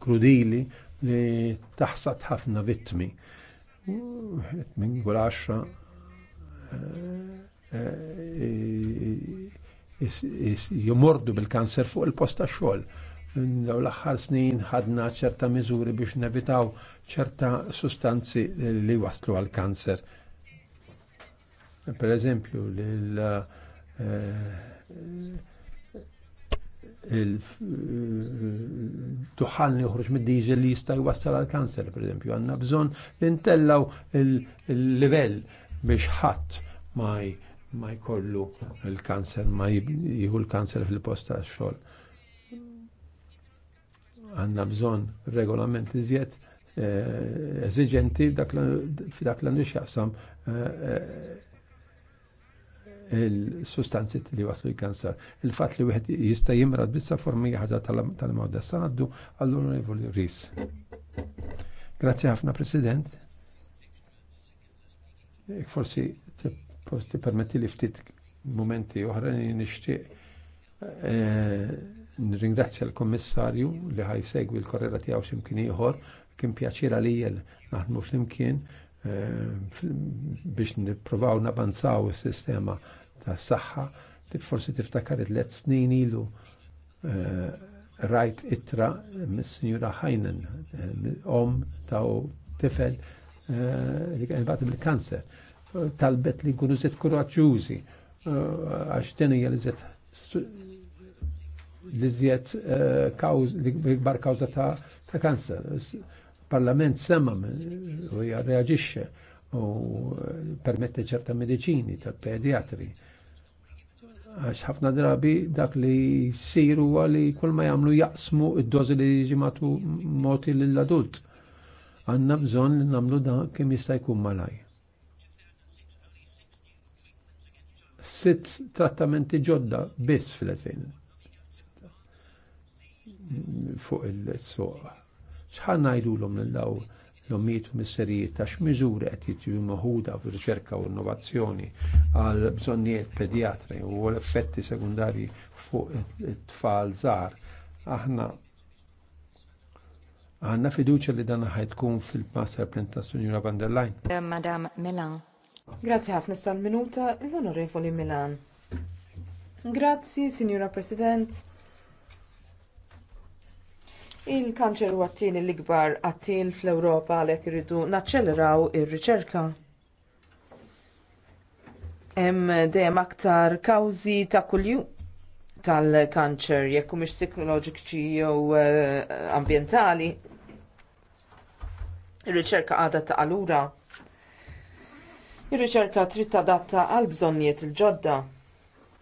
krudili li taħsat ħafna vittmi minn kull għaxra eh, eh, jomordu bil-kanser fuq il posta ta' Daw l axħar snin ħadna ċerta miżuri biex nevitaw ċerta sustanzi li waslu għal kanser. Per eżempju, eh, il-tuħal li uħroġ mid-diġel li jista' jwassal għal kanser, per eżempju, għanna bżon li ntellaw il-livell biex ħadd ma jkollu il-kanser, ma jieħu l-kanser fil-posta xogħol. Għanna bżon regolament iżjed eh, eżiġenti f'dak l-għandu xjaqsam eh, eh, il-sustanzi li waslu il kanser Il-fat li wieħed jista' jimrad bissa formi ħaġa tal-mawda sanaddu għall-Onorevoli Ris. Grazzi ħafna President. Forsi ti permetti li ftit momenti oħra nixtieq eh, nringrazzja l-Kommissarju li ħajsegwi l-korrela tiegħu x'imkien ieħor kien pjaċir għalijel naħdmu flimkien Eh, biex niprovaw nabanzaw il sistema ta' saħħa forsi tiftakar it let snin ilu eh, rajt itra mis-Sinjura Hajnen, eh, om ta' tifel li għan batim il-kanser. Talbet li nkunu zet kuraġġużi għax din hija li zet li zet l-ikbar kawza ta' kanser parlament semma u reagisce u eh, permette ċerta medicini tal-pediatri. Għax ħafna drabi dak li siru għalli kull ma jamlu jaqsmu id-dozi li ġimatu moti l-adult. Għanna bżon li namlu dan kem jista' jkun malaj. Sitt trattamenti ġodda biss fil-2000 fuq il-soqa Xħan najdu l-om l-daw l omiet u misserijiet ta' xmizur qed jitju maħuda f'riċerka u innovazzjoni għal bżonnijiet pedjatri u għal effetti sekundarji fuq it-tfal żgħar. Aħna għanna fiduċa li dan tkun fil-master plan ta' Sunjura van der Leyen. Eh, Madam Milan. Grazzi ħafna sal-minuta l-Onorevoli Milan. Grazzi, Signora President. Il-kanċer huwa t-tieni l-ikbar għat fl-Ewropa għalhekk irridu naċċeleraw ir-riċerka. Hemm dejjem aktar kawżi ta' kuljum tal-kanċer jekk mhux psikoloġiċi jew eh, ambjentali. Ir-riċerka għadha ta' allura. Ir-riċerka trid tadatta għal bżonnijiet il-ġodda.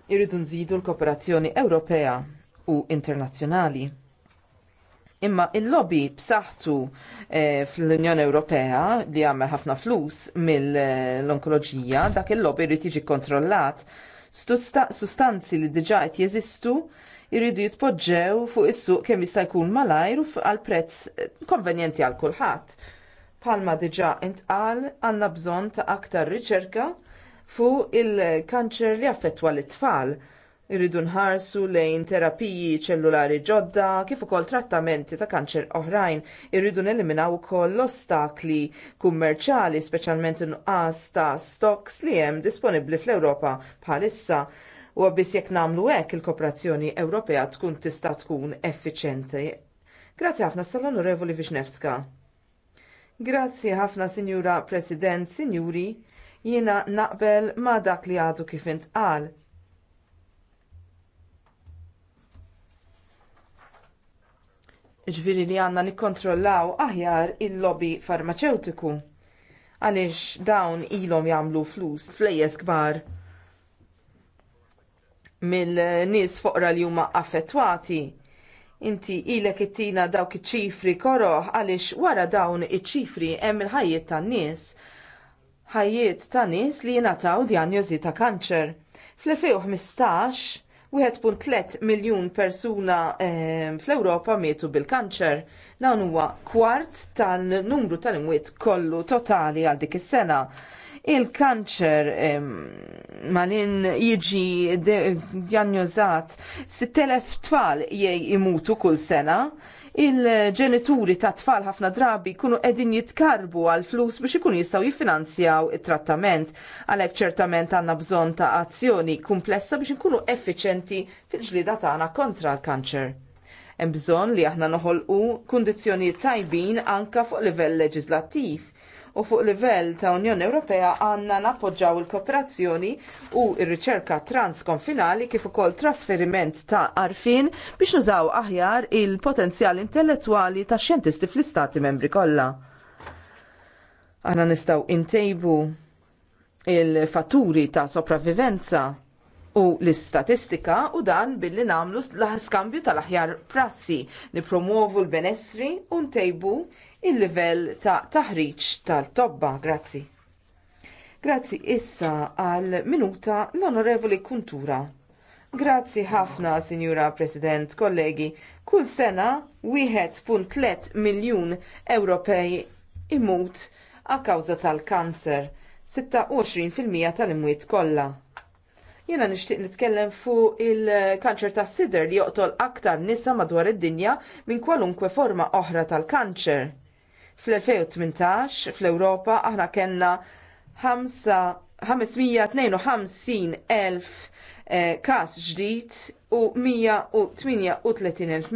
Irridu nżidu l-kooperazzjoni Ewropea u internazzjonali. Imma il-lobby b'saħħtu eh, fl-Unjoni Ewropea li għamel ħafna flus mill-onkoloġija, dak il-lobby jrid jiġi kontrollat. Sustanzi li diġà qed jeżistu jridu jitpoġġew fuq is-suq kemm jista' jkun malajr għal prezz eh, konvenjenti għal kulħadd. Palma diġà intqal għandna bżonn ta' aktar riċerka fuq il-kanċer li affettwa l-itfal Irridu nħarsu lejn terapiji ċellulari ġodda kif ukoll trattamenti ta' kanċer oħrajn. Irridu neliminaw ukoll l-ostakli kummerċali speċjalment inqas ta' stocks li hemm disponibbli fl-Ewropa bħalissa. U biss jekk nagħmlu hekk il-kooperazzjoni Ewropea tkun tista' tkun effiċjenti. Grazzi ħafna sal-Onorevoli Vixnevska. Grazzi ħafna, Sinjura President, Sinjuri, jiena naqbel ma dak li għadu kif intqal ġviri li għandna nikkontrollaw aħjar il-lobby farmaceutiku. Għaliex dawn ilhom jagħmlu flus, flejjes kbar mill-nies foqra li huma affettwati. Inti ilek ittina dawk iċ-ċifri koroħ għaliex wara dawn iċ-ċifri hemm il-ħajjiet tan-nies. Ħajjiet tan nies li jingħataw djanjożi ta' kanċer. Fl-2015 1.3 miljun persuna ehm, fl-Ewropa mietu bil-kanċer. Dan huwa kwart tal-numru tal-imwiet kollu totali għal dik is-sena il-kanċer ehm, malin jiġi djanjozat 6.000 tfal jiej imutu kull sena il-ġenituri ta' tfal ħafna drabi jkunu qegħdin jitkarbu għal flus biex ikunu jistgħu jiffinanzjaw it-trattament. Għalhekk ċertament għandna bżonn ta' azzjoni komplessa biex inkunu effiċenti fil-ġlida tagħna kontra l-kanċer hemm bżonn li aħna noħolqu kundizzjonijiet tajbin anke fuq livell leġislattiv u fuq livell ta' Unjoni Ewropea għandna nappoġġaw il-kooperazzjoni u r riċerka transkonfinali kif ukoll trasferiment ta' arfin biex nużaw aħjar il-potenzjal intellettwali tax xjentisti fl-istati membri kollha. Aħna nistgħu ntejbu il-fatturi ta' sopravvivenza u l-istatistika u dan billi nagħmlu l-skambju tal-aħjar prassi, nipromuovu l-benessri u ntejbu l livell ta' taħriġ tal-tobba. Grazzi. Grazzi issa għal minuta l-onorevoli Kuntura. Grazzi ħafna, Sinjura President, kollegi. Kull sena 1.3 miljun Ewropej imut a kawża tal-kanser, 26% tal-imwiet kollha Jiena nixtieq nitkellem fuq il-kanċer tas sider li joqtol aktar nisa madwar id-dinja minn kwalunkwe forma oħra tal-kanċer. Fl-2018 fl-Ewropa aħna kellna 552,000 eh, każ ġdid u 138,000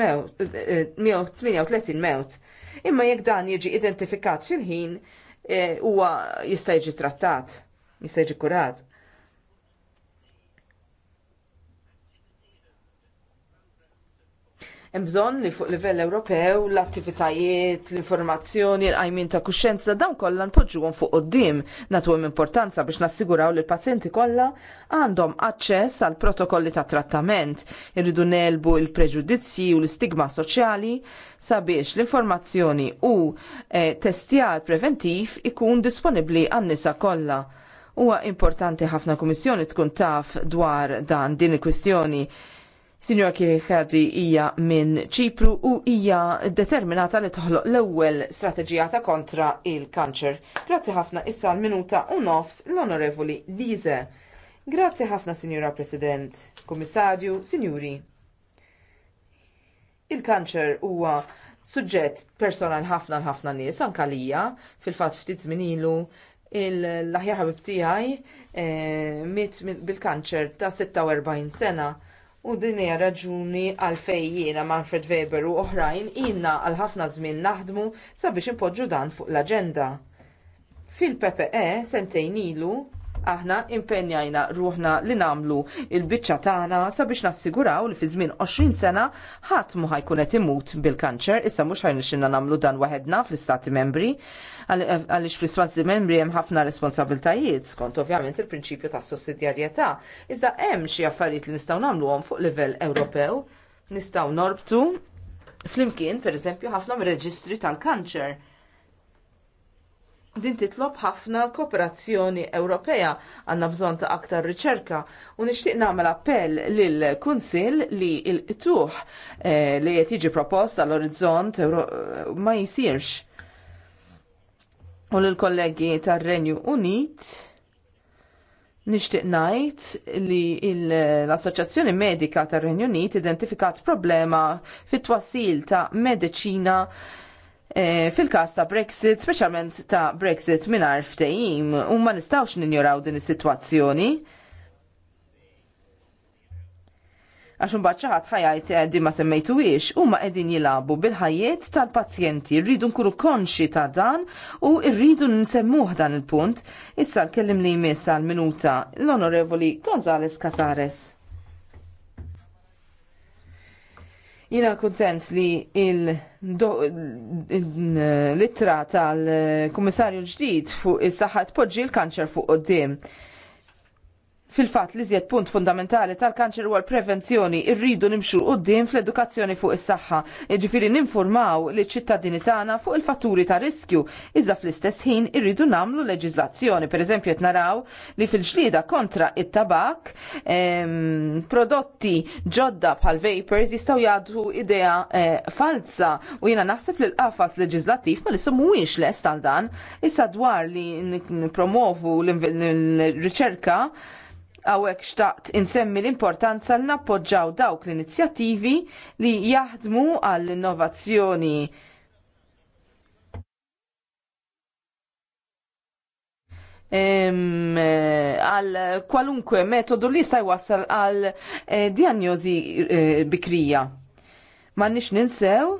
eh, mewt. Imma jekk dan jiġi identifikat fil-ħin eh, huwa jista' jiġi trattat, jista' jiġi kurat. Hemm bżonn li fuq livell Ewropew l-attivitajiet, l-informazzjoni, l-qajmin ta' kuxjenza dawn kollha npoġġuhom fuq quddiem nagħtuhom importanza biex nassiguraw li l-pazjenti kollha għandhom aċċess għal protokolli ta' trattament, irridu nelbu l-preġudizzji u l-istigma soċjali sabiex l-informazzjoni u eh, testjar preventiv ikun disponibbli għan-nisa kollha. Huwa importanti ħafna kummissjoni tkun taf dwar dan din il-kwistjoni Sinjor Kirikadi hija minn Ċipru u hija determinata li toħloq l-ewwel strateġija ta' kontra il-kanċer. Grazzi ħafna issa l-minuta u nofs l-Onorevoli Dize. Grazzi ħafna, Signora President, Komissarju, Sinjuri. Il-kanċer huwa suġġett personal ħafna ħafna nies anke lija fil-fatt ftit żmien ilu l-aħjar ħabib tiegħi eh, bil-kanċer ta' 46 sena U din hija raġuni għalfejn jiena Manfred Weber u oħrajn ilna għal ħafna żmien naħdmu sabiex impoġġu dan fuq l-aġenda. Fil-PPE sentejn ilu aħna impenjajna ruħna li nagħmlu il-biċċa tagħna sabiex nassiguraw li fi żmien 20 sena ħadd mu ħajkun qed imut bil-kanċer, issa mhux ħajnexxinna nagħmlu dan waħedna fl-istati membri għaliex fl-istati membri hemm ħafna responsabiltajiet skont ovvjament il-prinċipju ta' sussidjarjetà. Iżda hemm xi affarijiet li nistgħu nagħmluhom fuq livell Ewropew, nistgħu norbtu flimkien pereżempju ħafna mir-reġistri tal-kanċer. Din titlob ħafna kooperazzjoni Ewropea għandna bżonn ta' aktar riċerka u nixtieq nagħmel appell lil kunsill li l-tuħ eh, li qed jiġi proposta l orizzont ma jsirx u l-kollegi tar-Renju Unit nixtieq ngħid li l-Assoċjazzjoni Medika tar-Renju Unit identifikat problema fit-twassil ta' mediċina e, eh, fil-każ ta' Brexit, speċjalment ta' Brexit mingħajr ftehim, u ma nistgħux ninjoraw din is-sitwazzjoni. għax un xi ħadd ħajajt din ma u huma qegħdin jilagħbu bil-ħajjiet tal-pazjenti. Rridu nkunu konxi ta' dan u rridu nsemmuh dan il-punt. Issa l-kellim li jmiss għal-minuta l-Onorevoli Gonzales Casares. Jina kontent li il-litra tal-Kummissarju ġdid fuq is saħħat poġġi l-kanċer fuq qoddim. Fil-fatt li zjed punt fundamentali tal-kanċer u l-prevenzjoni, irridu nimxu d-din fl-edukazzjoni fuq is-saħħa, jiġifieri ninformaw li ċittadini tagħna fuq il-fatturi ta' riskju, iżda fl-istess ħin irridu nagħmlu leġiżlazzjoni. Pereżempju qed naraw li fil-ġlieda kontra it-tabak prodotti ġodda bħal vapers jistgħu jagħtu idea falsa u jiena naħseb li l-qafas leġislattiv ma li mhuwiex lest għal dan, issa dwar li nippromovu l-riċerka Għawek xtaqt insemmi l-importanza li nappoġġaw dawk l-inizjattivi li jaħdmu għall-innovazzjoni. għal kwalunkwe metodu li jista' jwassal għal eh, diagnosi eh, bikrija. Ma nix ninsew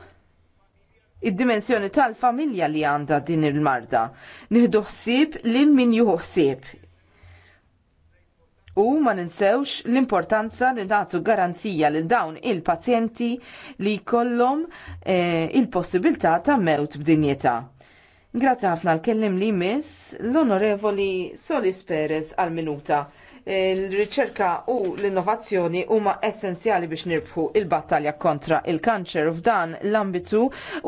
id-dimensjoni tal-familja li għandha din il-marda. Nihdu ħsieb lil min juhu ħsieb. U ma ninsewx l-importanza li nagħtu garanzija lil dawn il-pazjenti li jkollhom eh, il-possibilità ta' mewt b'dinjetà. Grazie ħafna l-kellim li miss l-Onorevoli Solis Perez għal-minuta il-riċerka u l-innovazzjoni huma essenzjali biex nirbħu il-battalja kontra il-kanċer f'dan l-ambitu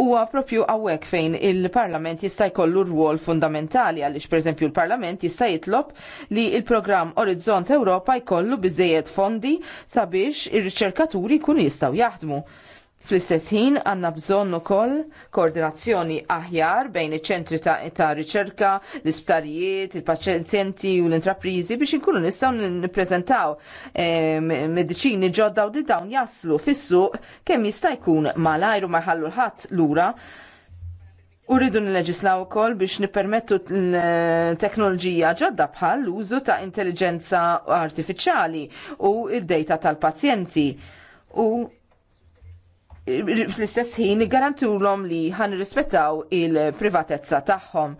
huwa propju hawnhekk fejn il-Parlament jista' jkollu rwol fundamentali għaliex pereżempju l-Parlament jista' jitlob li il-programm Orizzont Ewropa jkollu biżejjed fondi sabiex ir-riċerkaturi jkunu jistgħu jaħdmu. Fl-istess ħin għandna bżonn ukoll koordinazzjoni aħjar bejn iċ-ċentri ta', ta riċerka, l-isptarijiet, il-paċenzjenti u l-intraprizi biex inkunu nistgħu nippreżentaw e, mediċini ġodda u di dawn jaslu fis-suq kemm jista' jkun malajr u ma jħallu ħadd lura. U rridu nilleġislaw ukoll biex nippermettu teknoloġija ġodda bħal l-użu ta' intelligenza artifiċjali u d data tal-pazjenti. U fl-istess ħin garantulhom li ħan rispettaw il-privatezza tagħhom.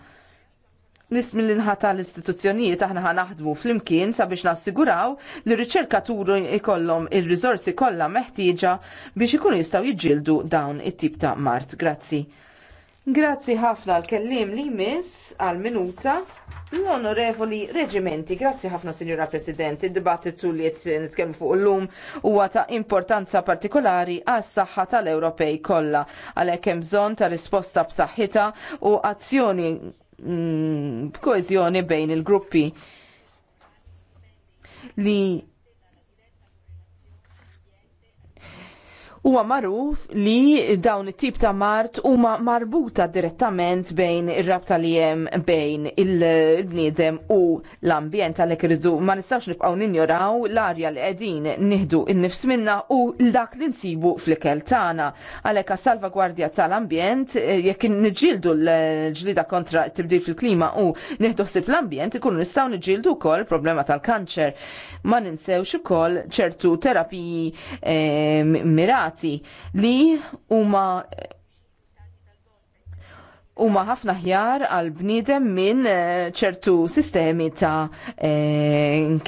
Nis mill-inħata l-istituzzjonijiet aħna ħa fl-imkien sabiex nassiguraw li r riċerkaturi ikollhom il-rizorsi kollha meħtieġa biex ikunu jistgħu jiġġieldu dawn it-tip ta' mart. Grazzi. Grazzi ħafna l-kellim li miss għal-minuta l-onorevoli reġimenti. Grazzi ħafna, Sinjura President. Id-dibattitu li nitkellmu fuq l-lum huwa ta' importanza partikolari għas saħħa tal-Ewropej kollha. Għalhekk hemm bżonn ta' risposta b'saħħitha u azzjoni mm, b'koeżjoni bejn il-gruppi li Huwa magħruf li dawn it-tip ta' mart huma marbuta direttament bejn ir-rabta li hemm bejn il-bniedem u l-ambjent għalhekk irridu ma nistgħux nibqgħu ninjoraw l-arja li qegħdin nieħdu n-nifs minna u dak li nsibu fl-ikel tagħna. Għalhekk għas-salvagwardja tal-ambjent jekk niġġieldu l-ġlida kontra t-tibdil fil-klima u nieħdu ħsieb l-ambjent ikunu nistgħu niġġieldu wkoll problema tal-kanċer. Ma ninsewx ukoll ċertu terapiji eh, mirat impjegati li huma huma ħafna ħjar għal bniedem minn eh, ċertu sistemi ta' eh,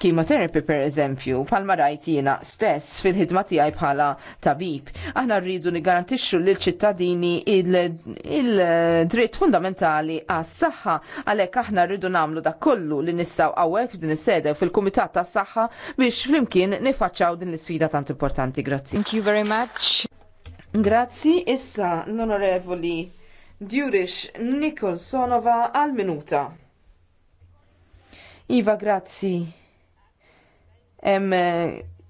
chemotherapy per eżempju, palma rajt jiena stess fil-ħidma tiegħi bħala tabib. Aħna rridu nigarantixxu lil ċittadini il-dritt fundamentali għas saħħa għalhekk aħna rridu nagħmlu dak kollu li nistgħu hawnhekk f'din is-sede fil-Kumitat tas-Saħħa biex flimkien nifaċċaw din l sfida tant importanti. Grazzi. Thank you very much. Grazzi, issa l-onorevoli Djurix Nikolsonova għal minuta. Iva, grazzi. Em,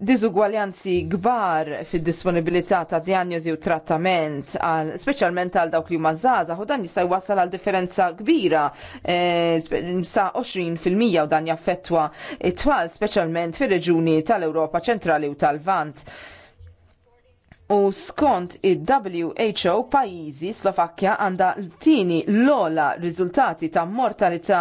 diżugwaljanzi kbar fid-disponibilità ta' diagnosi u trattament, għal, specialment għal dawk li huma u dan jista' jwassal għal differenza kbira eh, sa' 20% u dan jaffettwa it-twal, specialment fir-reġuni tal-Ewropa ċentrali u tal-Vant. U skont il-WHO pajizi Slovakkja għanda tini l-ola riżultati ta' mortalità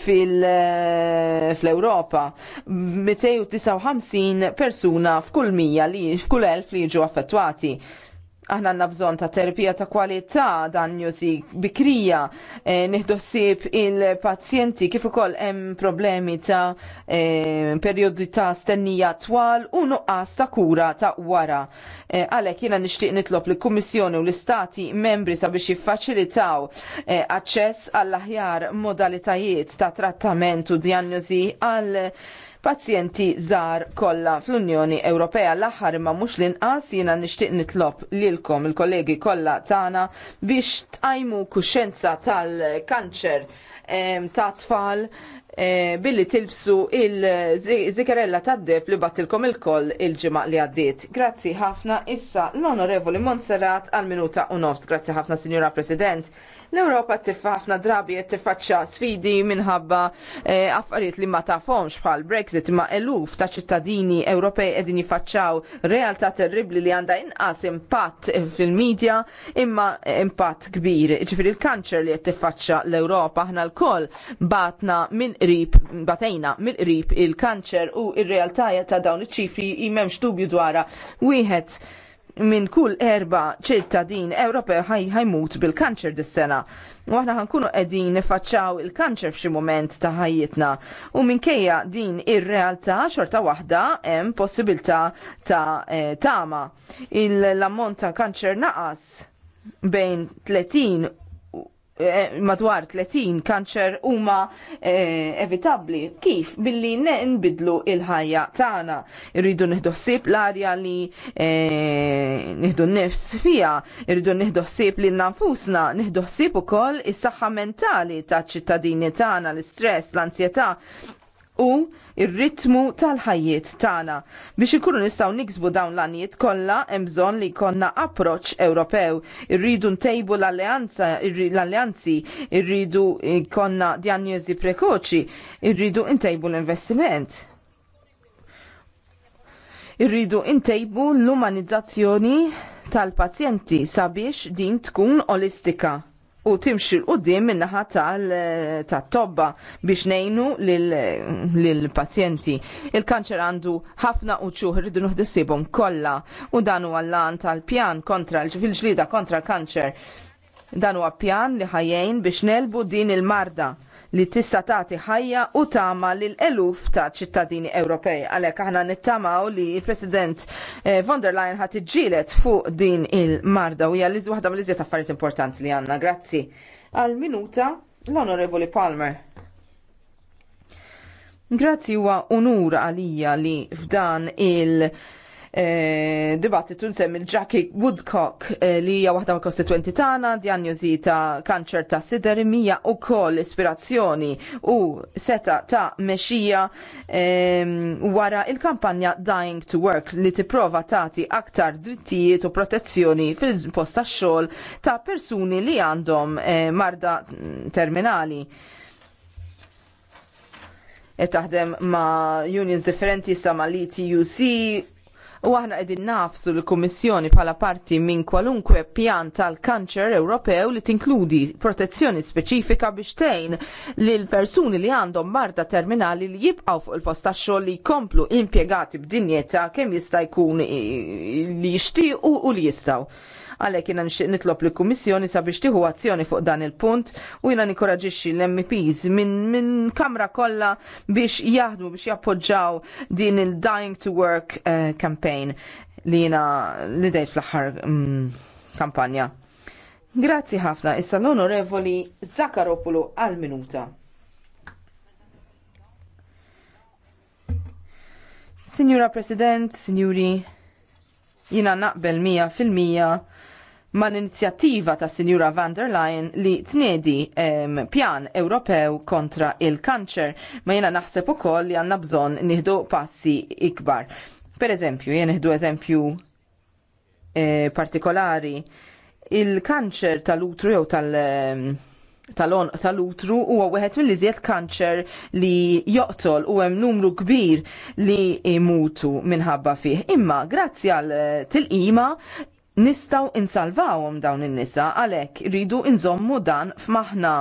fil-Europa. Eh, 259 persuna f'kull 100 li f'kull elf li jiġu affettwati aħna għandna bżonn ta' terapija ta' kwalità dan jużi bikrija, eh, ssib il-pazjenti kif ukoll hemm problemi ta' eh, perjodi ta' stennija twal u nuqqas ta' kura ta' wara. Eh, għalhekk jiena nixtieq nitlob li kummissjoni u l-istati membri sabiex jiffaċilitaw eh, aċċess għall-aħjar modalitajiet ta' trattament u diagnosi għal pazjenti żgħar kollha fl-Unjoni Ewropea l-aħħar imma mhux l-inqas jiena nixtieq nitlob lilkom il-kollegi kollha tagħna biex tqajmu kuxxenza tal-kanċer ta' tfal Eh, billi tilbsu il-zikarella tad-deb li battilkom il-koll il-ġimgħa li għaddiet. Grazzi ħafna issa l-Onorevoli Monserrat għal minuta u nofs. Grazzi ħafna sinjora President l-Europa tiffa ħafna drabi qed tiffaċċa sfidi minħabba eh, affarijiet li ma tafhomx bħal Brexit ma eluf ta' ċittadini Ewropej edin jiffaċċjaw realtà terribbli li għandha inqas impatt fil-medja imma impatt kbir. Ġifieri il-kanċer li qed tiffaċċa l-Ewropa aħna lkoll batna minn mill-qrib, batejna mill-qrib il-kanċer u il-realtà ta' dawn iċ-ċifri jimemx dubju dwara. Wieħed minn kull erba ċittadin Ewropew ħajmut bil-kanċer dis-sena. U aħna ħankunu qegħdin nifaċċaw il-kanċer f'xi mument ta' ħajjitna. U minkejja din ir-realtà xorta waħda hemm possibilità ta' e, tama. Il-ammont ta' kanċer naqas bejn 30 Eh, madwar 30 kanċer huma eh, evitabbli. Kif? Billi nbidlu il-ħajja tagħna. Irridu nieħdu ħsieb l-arja li eh, nieħdu nnifs fiha irridu nieħdu ħsieb lil nafusna, nieħdu ħsieb ukoll is-saħħa mentali taċ-ċittadini tagħna, l-istress, l-ansjetà, u ir-ritmu tal-ħajjiet tagħna. Biex ikunu nistgħu niksbu dawn l-għanijiet kollha hemm bżonn li jkollna approċċ Ewropew. Irridu ntejbu l-alleanza, l-alleanzi, irridu jkollna diagnosi prekoċi, irridu ntejbu l-investiment. Irridu ntejbu l-umanizzazzjoni tal-pazjenti sabiex din tkun olistika u timxi l-qoddim minnaħa tal-tobba eh, biex nejnu l-pazjenti. Il-kanċer għandu ħafna uċuħ rridu nuħdissibom kolla u dan u għallan tal-pjan kontra l ġlida kontra l-kanċer. Dan huwa pjan li ħajjejn biex nelbu din il-marda li tista' tagħti ħajja u tama lil eluf ta' ċittadini Ewropej. Għalhekk aħna nittamaw li l-President eh, von der Leyen ħadd iġġielet fuq din il-marda u hija li waħda mill-iżjed affarijiet importanti li għandna. Grazzi. Għal minuta l-Onorevoli Palmer. Grazzi huwa unur għalija li f'dan il- Eh, dibattitu nsemmi jackie Woodcock eh, li hija waħda mill kostituenti tagħna, djanjużi ta' kanċer ta' sider mija u koll ispirazzjoni u seta ta' mexija ehm, wara il-kampanja Dying to Work li tipprova tagħti aktar drittijiet u protezzjoni fil-post ta' xogħol ta' persuni li għandhom eh, marda terminali e taħdem ma' unions differenti sa' ma' l-ETUC U aħna qegħdin nafsu l-Kummissjoni bħala parti minn kwalunkwe pjan tal-kanċer Ewropew li tinkludi protezzjoni speċifika biex tgħin lil persuni li għandhom marda terminali li jibqgħu fuq il-post tax-xogħol li jkomplu impjegati b'dinjeta kemm jista' jkun li jixtiequ u li jistgħu. Għalhekk jiena nixtieq nitlob lill kummissjoni sabiex tieħu azzjoni fuq dan il-punt u jiena nikoraġiċi l-MPs minn kamra kollha biex jaħdmu biex jappoġġaw din il-Dying to Work eh, campaign li jiena li dejt fl-aħħar mm, kampanja. Grazzi ħafna, issa l-onorevoli Zakaropulu għal minuta. Signora President, signori, jina naqbel mija fil-mija ma' l-inizjattiva ta' Sinjura van der Leyen li tnedi um, pjan Ewropew kontra il-kanċer, ma jena naħseb ukoll li għanna bżon nieħdu passi ikbar. Per eżempju, jena nieħdu eżempju eh, partikolari, il-kanċer tal-utru jew tal- on tal-utru huwa wieħed mill-iżjed kanċer li joqtol u hemm numru kbir li imutu minħabba fih. Imma grazzi għal eh, tilqima nistaw insalvawhom dawn in-nisa għalhekk rridu nżommu dan f'maħna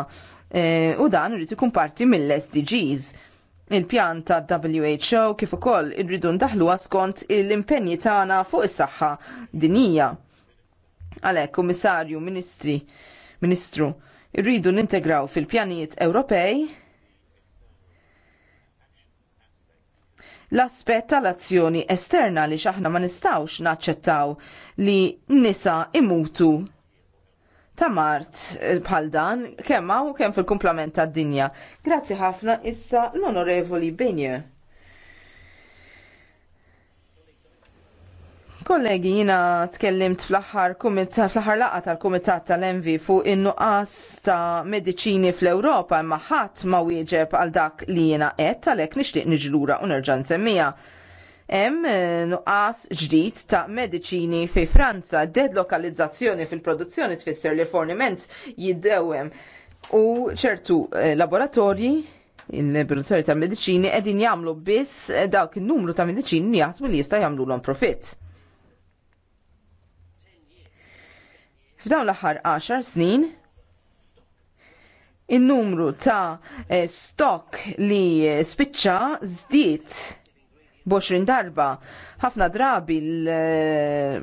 e, u dan rrid ikun parti mill-SDGs il-pjan ta' WHO kif ukoll irridu ndaħlu skont l-impenji tagħna fuq is-saħħa dinija. Għalhekk, Kummissarju, Ministri, Ministru, irridu nintegraw fil-pjanijiet Ewropej l-aspett tal-azzjoni esterna li xaħna ma nistawx naċċettaw li nisa imutu ta' mart eh, bħal dan kemm u kemm fil-kumplament tad dinja. Grazzi ħafna issa l-onorevoli Binje. Kollegi, jina tkellimt fl-axar fl laqa tal-Kumitat tal-Envi fuq in-nuqqas ta' medicini fl-Ewropa imma ħadd ma wieġeb għal dak li jiena qed għalhekk nixtieq niġlura u nerġa' nsemmija hemm eh, nuqqas ġdid ta' mediċini fi Franza. lokalizzazzjoni fil-produzzjoni tfisser li forniment jiddewem u ċertu eh, laboratorji il-produzzjoni ta' mediċini qegħdin jagħmlu biss eh, dawk in-numru ta' mediċini jasbu li jista' jagħmluhom profitt. F'dawn l-aħħar 10 snin, in-numru ta' stock li spiċċa żdied 20 darba. Ħafna drabi eh,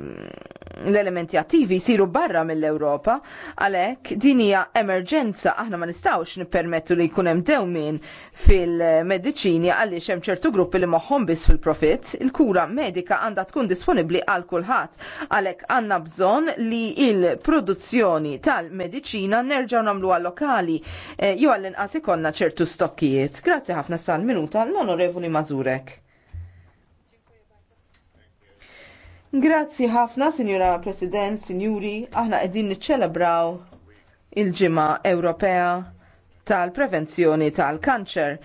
l-elementi attivi jisiru barra mill-Ewropa, għalek din hija emerġenza aħna ma nistawx nippermettu li jkun hemm dewmin fil medicini għaliex hemm ċertu gruppi li moħħhom biss fil-profitt, il-kura medika għandha tkun disponibbli għal kulħadd. Għalhekk għandna bżonn li il-produzzjoni tal medicina nerġgħu nagħmluha lokali eh, jew għall-inqas ikollna ċertu stokkijiet. Grazzi ħafna sal-minuta l-Onorevoli Mazurek. Grazzi ħafna, Sinjura President, Sinjuri, aħna qegħdin niċċelebraw il-ġimgħa Ewropea tal-prevenzjoni tal-kanċer.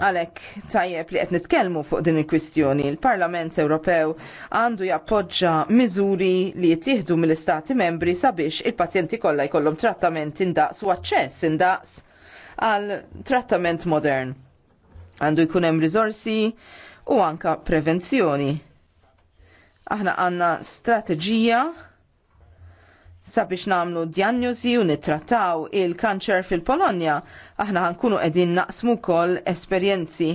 Għalek tajjeb li qed nitkellmu fuq din il-kwistjoni, il-Parlament Ewropew għandu jappoġġa miżuri li jittieħdu mill-Istati membri sabiex il-pazjenti kollha jkollhom trattament indaqs u aċċess indaqs għal trattament modern. Għandu jkun hemm riżorsi u anka prevenzjoni. Aħna għandna strateġija sabiex namlu diagnosi u nittrattaw il-kanċer fil-Polonja, aħna għankunu qegħdin naqsmu kol esperjenzi.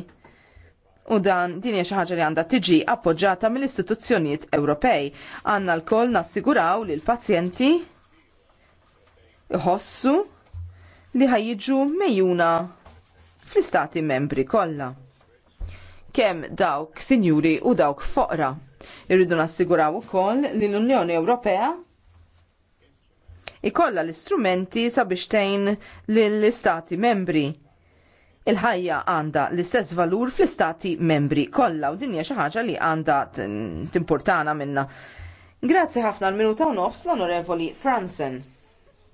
U dan din hija xi ħaġa li għandha tiġi appoġġjata mill-istituzzjonijiet Ewropej. Għandna lkoll nassiguraw li l-pazjenti iħossu li ħajjiġu mejjuna fl-istati membri kollha. Kemm dawk sinjuri u dawk foqra. Irridu nassiguraw ukoll li l-Unjoni Ewropea ikollha l-istrumenti sabiex tgħin lill-istati membri. Il-ħajja għandha l-istess valur fl-istati membri kollha u din hija xi ħaġa li għandha timportana minnha. Grazzi ħafna l-minuta u nofs l-Onorevoli Fransen.